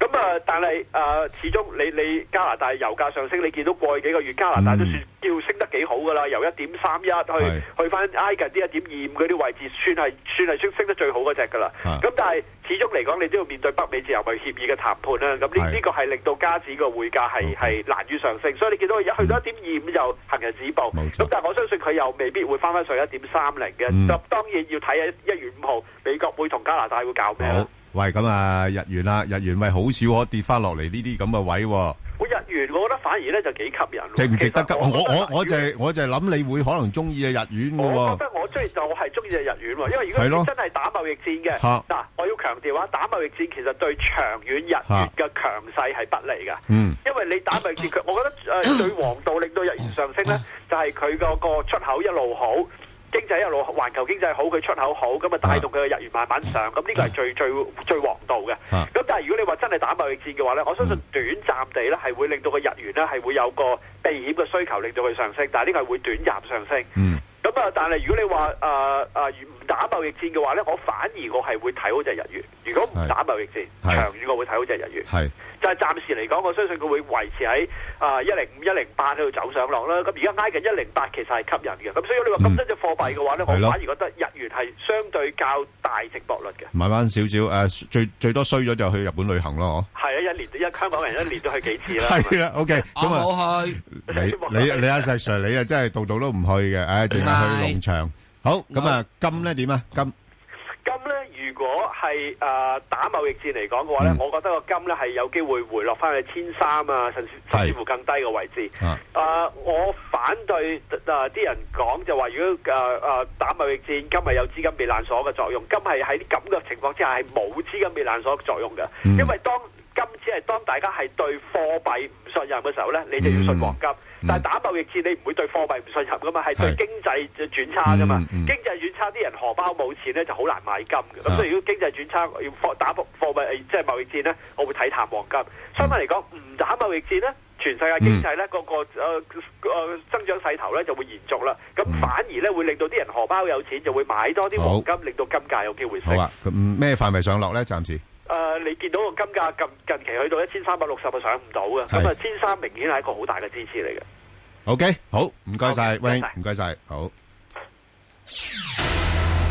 咁啊，嗯、但係啊、呃，始終你你加拿大油價上升，你見到過去幾個月加拿大都算叫、嗯、升得幾好噶啦，由一點三一去是去翻挨近啲一點二五嗰啲位置，算係算係升升得最好嗰隻噶啦。咁是但係始終嚟講，你都要面對北美自由貿易協議嘅談判啦。咁呢呢個係令到加紙個匯價係係難於上升，所以你見到佢去到一點二五又行人止步。咁錯但係我相信佢又未必會翻翻上一點三零嘅。咁、嗯、當然要睇下一月五號美國會同加拿大會搞咩。嗯喂，咁啊，日元啦、啊，日元咪好少可跌翻落嚟呢啲咁嘅位。我日元，我覺得反而咧就幾吸引。值唔值得，急我得我？我我我就我就諗你會可能中意啊日元嘅。我覺得我中意就我係中意日元，因為如果真係打貿易戰嘅嗱，的啊、我要強調話打貿易戰其實對長遠日元嘅強勢係不利嘅。嗯。因為你打貿易戰，佢、啊、我覺得誒最王道令到日元上升咧，啊啊、就係佢嗰個出口一路好。經濟一路，環球經濟好，佢出口好，咁啊帶動佢嘅日元慢慢上，咁呢、啊、個係最、啊、最最王道嘅。咁、啊、但係如果你話真係打貿易戰嘅話咧，我相信短暫地呢係會令到個日元呢係會有個避險嘅需求，令到佢上升，但係呢個係會短暫上升。啊嗯咁啊！但係如果你話誒誒唔打貿易戰嘅話咧，我反而我係會睇好隻日元。如果唔打貿易戰，長遠我會睇好隻日元。係就係暫時嚟講，我相信佢會維持喺啊一零五一零八喺度走上落啦。咁而家挨近一零八其實係吸引嘅。咁所以你話咁多隻貨幣嘅話咧，我反而覺得日元係相對較大值博率嘅。買翻少少誒，最最多衰咗就去日本旅行咯，嗬。係啊，一年一香港人一年都去幾次啦。係啦，OK。咁我你你你阿 Sir，你啊真係度度都唔去嘅，農場好咁啊，金咧，點啊金？金咧如果係誒、呃、打貿易戰嚟講嘅話咧，嗯、我覺得個金咧係有機會回落翻去千三啊甚，甚至乎更低嘅位置。誒、啊呃，我反對誒啲、呃、人講就話如果誒誒、呃、打貿易戰，金係有資金避難所嘅作用。金係喺咁嘅情況之下係冇資金避難所作用嘅，嗯、因為當金只係、就是、當大家係對貨幣唔信任嘅時候咧，你就要信黃金。嗯嗯、但係打貿易戰，你唔會對貨幣唔信任噶嘛？係對經濟轉差噶嘛？嗯嗯、經濟轉差，啲人荷包冇錢咧，就好難買金嘅。咁、啊、所以如果經濟轉差，要放打貨貨幣戰即係貿易戰咧，我會睇淡黃金。嗯、相反嚟講，唔打貿易戰咧，全世界經濟咧，各個誒誒增長勢頭咧就會延續啦。咁、嗯、反而咧會令到啲人荷包有錢，就會買多啲黃金，好令到金價有機會升。啊，咩範圍上落咧？暫時。誒、呃，你見到個金價近近期去到一千三百六十啊，上唔到嘅，咁啊，千三明顯係一個好大嘅支持嚟嘅。O、okay, K，好，唔該曬，威 Okay, 謝，唔該晒。好。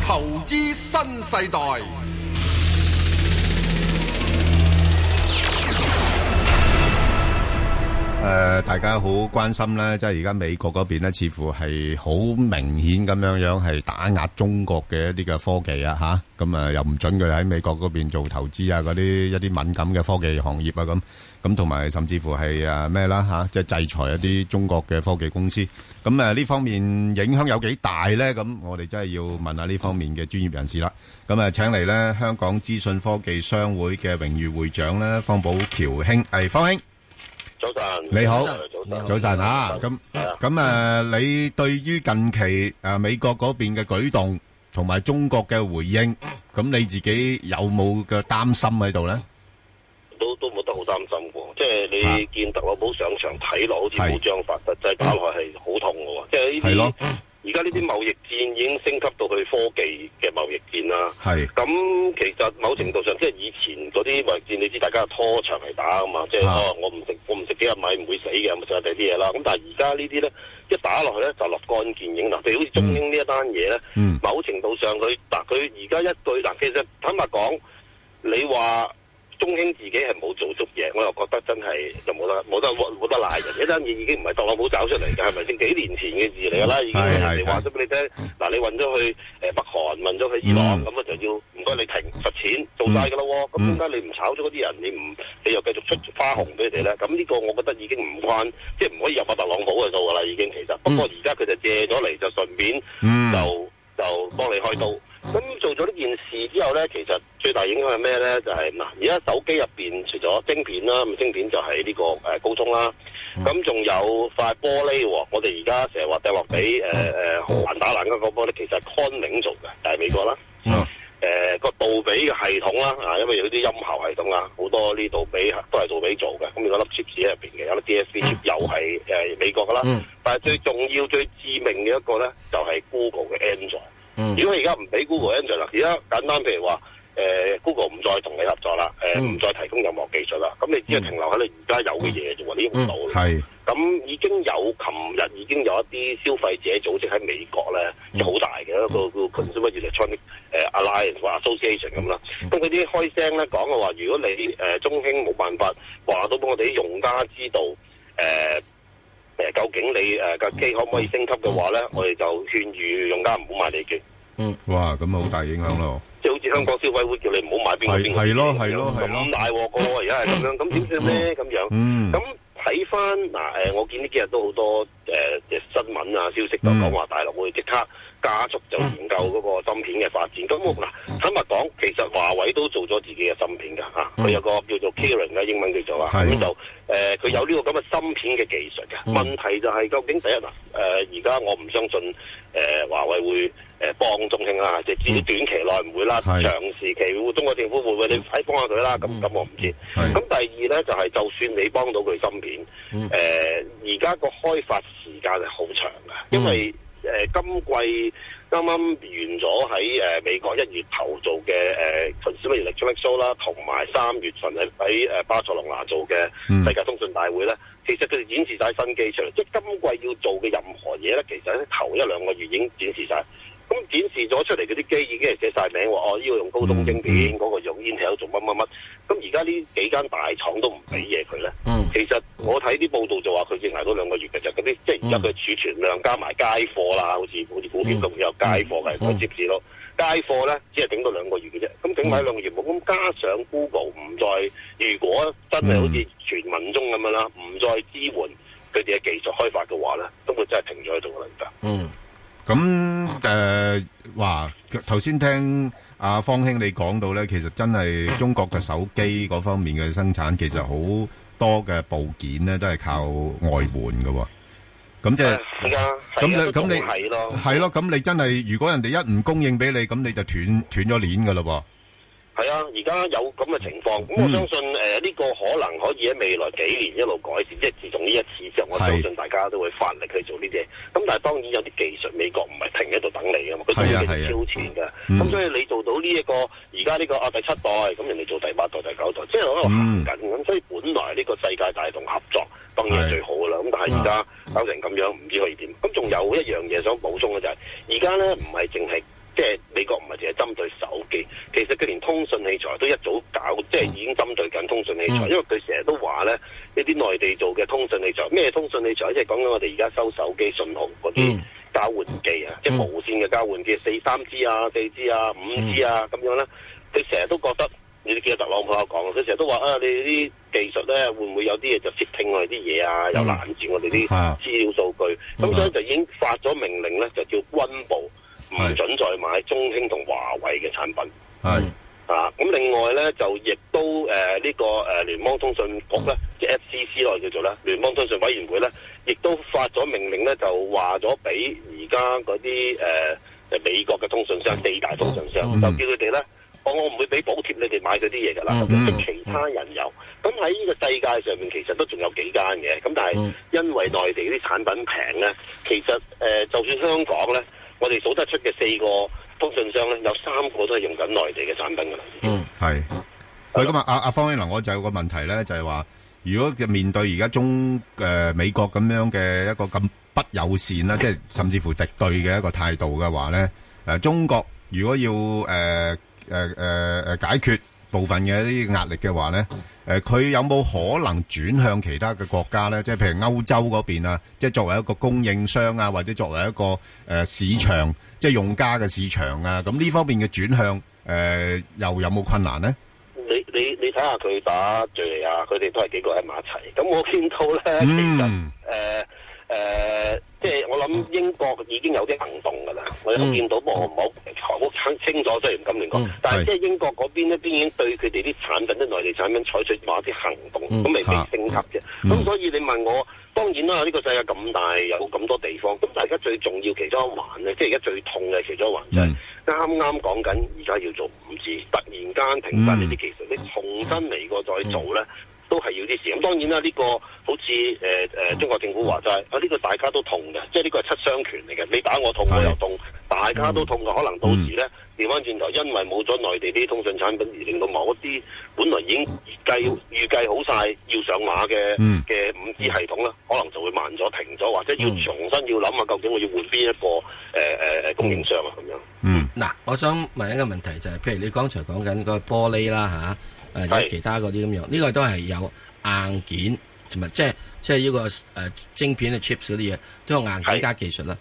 投資新世代。誒，大家好關心咧，即係而家美國嗰邊咧，似乎係好明顯咁樣樣係打壓中國嘅一啲嘅科技啊，吓咁啊又唔准佢喺美國嗰邊做投資啊，嗰啲一啲敏感嘅科技行業啊，咁咁同埋甚至乎係啊咩啦吓，即係制裁一啲中國嘅科技公司。咁啊呢方面影響有幾大咧？咁我哋真係要問下呢方面嘅專業人士啦。咁啊，請嚟咧香港資訊科技商會嘅榮譽會長咧方保僑兄，係方兄。早晨，你好，早晨，早晨吓！咁咁誒，你對於近期誒美國嗰邊嘅舉動同埋中國嘅回應，咁你自己有冇嘅擔心喺度咧？都都冇得好擔心嘅，即係你見特朗普上場睇落好似冇章法，實際打落係好痛嘅喎，即係呢啲，係咯。而家呢啲貿易戰已經升級到去科技嘅貿易戰啦，係咁是其實某程度上、嗯、即係以前嗰啲貿易戰，你知大家拖長嚟打啊嘛，即係、啊、我我唔食我唔食幾日米唔會死嘅，咪就係啲嘢啦。咁但係而家呢啲咧一打落去咧就立竿見影啦，譬如好似中興呢一單嘢咧，嗯、某程度上佢嗱佢而家一句嗱，其實坦白講，你話。中興自己係冇做足嘢，我又覺得真係就冇得冇得冇得賴人。一單嘢已經唔係特朗普搞出嚟嘅，係咪先？幾年前嘅事嚟㗎啦，已經係話咗俾你聽。嗱是，你運咗去誒北韓，運咗去伊朗，咁啊、嗯、就要唔該你停罰錢，做晒㗎啦。咁點解你唔炒咗嗰啲人？你唔你又繼續出花紅俾佢哋咧？咁呢個我覺得已經唔關，即係唔可以由埋特朗普去做㗎啦。已經其實，不過而家佢就借咗嚟，就順便就就，就幫你開刀。咁做咗呢件事之後咧，其實最大影響係咩咧？就係、是、嗱，而家手機入邊除咗晶片啦，咁晶片就係呢個誒高通啦。咁仲、嗯、有塊玻璃，我哋而家成日話掉落俾誒誒環打爛嗰個玻璃，其實係康寧做嘅，但、就、係、是、美國啦。誒個杜比嘅系統啦，啊，因為有啲音效系統啊，好多呢度比都係杜比做嘅。咁你嗰粒 chip 入邊嘅有粒 DSP，又係誒美國啦。但係最重要、最致命嘅一個咧，就係 Google 嘅 Android。如果而家唔俾 Google Android 啦，而家簡單譬如話，誒 Google 唔再同你合作啦，誒唔再提供任何技術啦，咁你只係停留喺你而家有嘅嘢，就話啲唔到。係，咁已經有，琴日已經有一啲消費者組織喺美國咧，好大嘅一個叫 Consumer Electronics 誒 Alliance Association 咁啦，咁佢啲開聲咧，講嘅話，如果你誒中興冇辦法話到畀我哋啲用家知道誒。誒，究竟你誒架機可唔可以升級嘅話咧？我哋就勸喻用家唔好買呢件。嗯，哇，咁啊好大影響咯！即係 好似香港消委會叫你唔好買邊 個邊個咁大鑊喎，而家係咁樣，咁點算咧？咁樣，咁睇翻嗱誒，我見呢幾日都好多誒、呃、新聞啊，消息都講話大陸會即刻。加速就研究嗰個芯片嘅發展。咁我嗱，坦白講其實華為都做咗自己嘅芯片㗎嚇。佢、啊、有個叫做 Kirin 咧，英文叫做啊，咁就誒佢有呢個咁嘅芯片嘅技術嘅。嗯、問題就係、是、究竟第一嗱，誒而家我唔相信誒、呃、華為會誒幫中興啦，即係至短期內唔會啦，長時期會中國政府會唔會你幫下佢啦？咁、啊、咁、嗯、我唔知。咁、嗯嗯、第二咧就係、是、就算你幫到佢芯片，誒而家個開發時間係好長㗎，因為。誒、呃、今季啱啱完咗喺誒美國一月頭做嘅誒 Consumer Electronic Show 啦，同埋三月份喺喺誒巴塞隆那做嘅世界通信大會咧，嗯、其實佢哋展示晒新機出嚟，即係今季要做嘅任何嘢咧，其實喺頭一兩個月已經展示晒。咁、嗯、展示咗出嚟嗰啲機已經係寫晒名喎，哦，呢個用高通晶片，嗰、嗯、個用 Intel 做乜乜乜。咁而家呢幾間大廠都唔俾嘢佢咧。嗯、其實我睇啲報道就話佢淨捱多兩個月嘅，就嗰啲即係而家佢儲存量加埋街貨啦，好似好似股票咁有街貨嘅都、嗯、接住咯。嗯、街貨咧只係頂多兩個月嘅啫，咁頂埋兩個月冇，咁、嗯嗯、加上 Google 唔再，如果真係好似傳聞中咁樣啦，唔再支援佢哋嘅技術開發嘅話咧，都會真係停咗喺度㗎。嗯嗯咁誒話頭先聽阿方兄你講到咧，其實真係中國嘅手機嗰方面嘅生產，其實好多嘅部件咧都係靠外援嘅喎。咁即係，依家咁你咁你係咯，係咯。咁你真係如果人哋一唔供應俾你，咁你就斷斷咗鏈嘅嘞喎。係啊，而家有咁嘅情況，咁我相信誒呢、嗯呃呢個可能可以喺未來幾年一路改善，即係自從呢一次之後，我相信大家都會發力去做呢啲嘢。咁是但係當然有啲技術，美國唔係停喺度等你嘛，佢都係超前嘅。咁、啊啊、所以你做到呢、呢、一個而家呢個啊第七代，咁人哋做第八代、第九代，即係喺度行緊。咁、嗯、所以本來呢個世界大同合作當然係最好嘅啦。咁是但係而家搞成咁樣，唔知可以點？咁仲有一樣嘢想補充嘅就係、是，而家咧唔係淨係。即係美國唔係淨係針對手機，其實佢連通訊器材都一早搞，嗯、即係已經針對緊通訊器材。嗯、因為佢成日都話咧，呢啲內地做嘅通訊器材，咩通訊器材，即係講緊我哋而家收手機信號嗰啲交換機啊，即係無線嘅交換機，四三、嗯嗯、G 啊、四 G 啊、五 G 啊咁、嗯、樣啦。佢成日都覺得，你哋記得特朗普有講，佢成日都話啊，你啲技術咧會唔會有啲嘢就竊聽我哋啲嘢啊，又攔住我哋啲資料數據。咁所以就已經發咗命令咧，就叫軍部。唔准再買中興同華為嘅產品。係是啊，咁、嗯、另外咧就亦都誒呢、呃這個誒聯、呃、邦通訊局咧，即係 FCC 內叫做咧聯邦通訊委員會咧，亦都發咗命令咧，就話咗俾而家嗰啲誒美國嘅通訊商、四、嗯、大通訊商，就叫佢哋咧，Oh, 我我唔會俾補貼你哋買嗰啲嘢噶啦，咁俾、嗯、其他人有。咁喺呢個世界上面，其實都仲有幾間嘅。咁但係因為內地啲產品平咧，其實誒、呃、就算香港咧。我哋數得出嘅四個通訊商咧，有三個都係用緊內地嘅產品㗎。嗯，係。喂，咁啊，阿阿、啊、方威嗱，我就有個問題咧，就係、是、話，如果嘅面對而家中誒、呃、美國咁樣嘅一個咁不友善啦，即係甚至乎敵對嘅一個態度嘅話咧，誒、呃、中國如果要誒誒誒誒解決部分嘅一啲壓力嘅話咧，誒佢有冇可能轉向其他嘅國家咧？即係譬如歐洲嗰邊啊，即係作為一個供應商啊，或者作為一個誒市場，即係用家嘅市場啊，咁呢方面嘅轉向誒又有冇困難呢？你你你睇下佢打敍利亞，佢哋都係幾個喺埋一齊。咁我見到咧，其實誒。誒、呃，即係我諗英國已經有啲行動㗎啦，嗯、我有見到，不過唔好好清楚，雖、嗯、然唔敢亂講。嗯、但係即係英國嗰邊咧，是已經對佢哋啲產品、啲內地產品採取某啲行動，咁未必升級嘅。咁、嗯、所以你問我，當然啦，呢、呢個世界咁大，有咁多地方。咁大家最重要其中一環咧，即係而家最痛嘅其中一環就係啱啱講緊，而家、嗯、要做五 G，突然間停翻呢啲技術，你重新嚟過再做咧。嗯嗯嗯嗯嗯都係要啲事咁，當然啦，呢個好似誒誒中國政府話就係啊，呢個大家都痛嘅，即係呢個係七傷拳嚟嘅，你打我痛，我又痛，的大家都痛嘅，可能到時咧調翻轉頭，因為冇咗內地啲通訊產品而令到某一啲本來已經計預計好晒要上馬嘅嘅、嗯、五 G 系統咧，可能就會慢咗、停咗，或者要重新要諗下究竟我要換邊一個誒誒誒供應商啊咁樣。嗯，嗱，我想問一個問題就係，譬如你剛才講緊個玻璃啦嚇。誒、uh, 是其他嗰啲咁樣，呢、這個都係有硬件同埋即係即係呢、這個誒、呃、晶片嘅 chip 嗰啲嘢，都有硬件加技術啦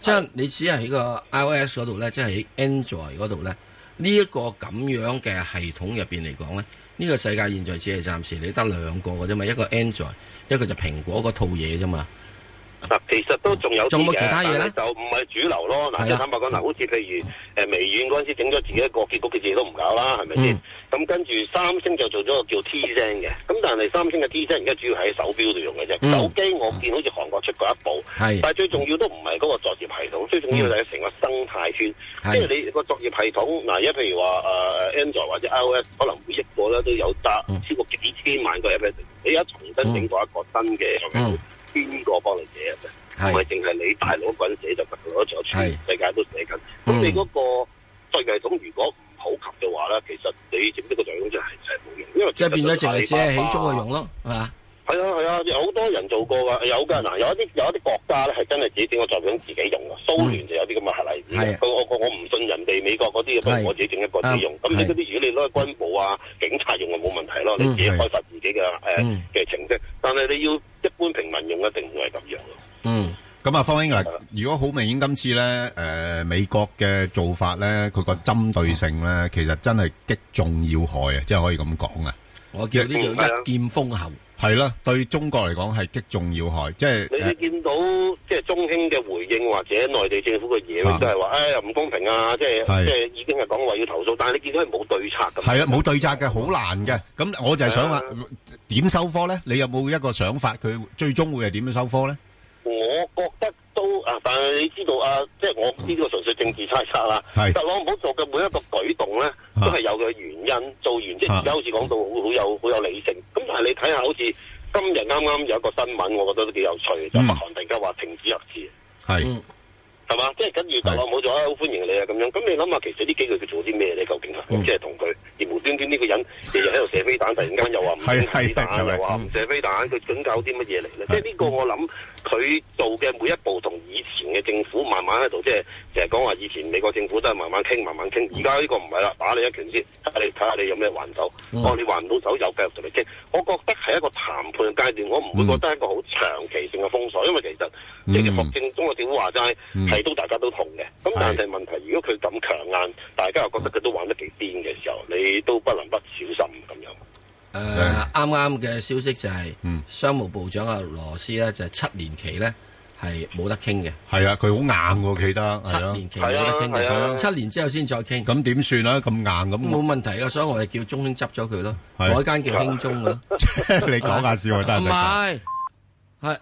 是。即係你只係喺個 iOS 嗰度咧，即係喺 Android 嗰度咧，呢一個咁樣嘅系統入邊嚟講咧，呢、這個世界現在只係暫時你得兩個嘅啫嘛，一個 Android，一個就蘋果嗰套嘢啫嘛。嗱，其實都仲有啲嘅，有有其他嘢呢就唔係主流咯。嗱的，就坦白講，嗱，好似譬如誒、嗯、微軟嗰陣時整咗自己一個，結局，佢自己都唔搞啦，係咪先？咁、嗯、跟住三星就做咗個叫 Tizen 嘅，咁但係三星嘅 Tizen 而家主要喺手錶度用嘅啫。嗯、手機我見好似韓國出過一部，的但係最重要都唔係嗰個作業系統，最重要就係成個生態圈。即係、嗯、你個作業系統，嗱、呃，一譬如話誒 Android 或者 iOS，可能會億個咧都有得超過幾千萬個 Apps 你而家重新整過一個新嘅。嗯嗯邊個幫你寫嘅？唔係淨係你大佬嗰陣寫就，大陸仲有全世界都寫緊。咁是你嗰、嗰個對象系統如果唔普及嘅話咧，其實你整呢個系統就係真係冇用，因為即係變咗淨係只起租嘅用咯，係嘛？係啊係啊，有好多人做過噶，有噶嗱，有一啲有一啲國家咧係真係自己整個作品自己用噶蘇聯就有啲咁嘅例子。我我唔信人哋美國嗰啲嘢，不過我自己整一個自己用。咁你嗰啲如果你攞去軍部啊、警察用啊，冇問題咯。你自己開發自己嘅誒嘅程式，但係你要一般平民用，一定唔會係咁樣咯。嗯，咁啊，鄺兄啊，如果好明顯今次咧，誒，美國嘅做法咧，佢個針對性咧，其實真係擊中要害啊，即係可以咁講啊。我叫呢種一劍封喉。係啦，對中國嚟講係擊中要害，即係你見到即係中興嘅回應或者內地政府嘅嘢，佢都係話誒唔公平啊！即係即係已經係講話要投訴，但係你見到係冇對策嘅。係啊，冇對策嘅，好難嘅。咁我就係想話點收科咧？你有冇一個想法？佢最終會係點樣收科咧？我覺得。都啊，但係你知道啊，即係我呢個純粹政治猜測啦。係特朗普做嘅每一個舉動咧，都係有嘅原因。做完即係而家好似講到好好有好有理性。咁但係你睇下，好似今日啱啱有一個新聞，我覺得都幾有趣。就北韓突然間話停止入資，係係嘛？即係緊要特朗普做啊，好歡迎你啊咁樣。咁你諗下，其實呢幾句佢做啲咩你究竟即係同佢而無端端呢個人日日喺度射飛彈，突然間又話唔射飛彈，又話唔射飛彈，佢想搞啲乜嘢嚟咧？即係呢個我諗。佢做嘅每一步同以前嘅政府慢慢喺度，即係成日講話以前美國政府都係慢慢傾慢慢傾，而家呢個唔係啦，打你一拳先，你睇下你有咩還手。我、嗯哦、你還唔到手，又繼續同你傾，我覺得係一個談判嘅階段，我唔會覺得係一個好長期性嘅封鎖，因為其實即係霍政中國政府話齋係都大家都痛嘅。咁但係問題如果佢咁強硬，大家又覺得佢都玩得幾癲嘅時候，你都不能不小心咁樣。誒，啱啱嘅消息就係，商務部長阿羅斯咧就係七年期咧係冇得傾嘅。係啊，佢好硬喎，我企得七年期冇得傾嘅，七年之後先再傾。咁點算啊？咁硬咁冇問題啊，所以我哋叫中興執咗佢咯，嗰間叫興中咯。你講下先，我真係唔係，係。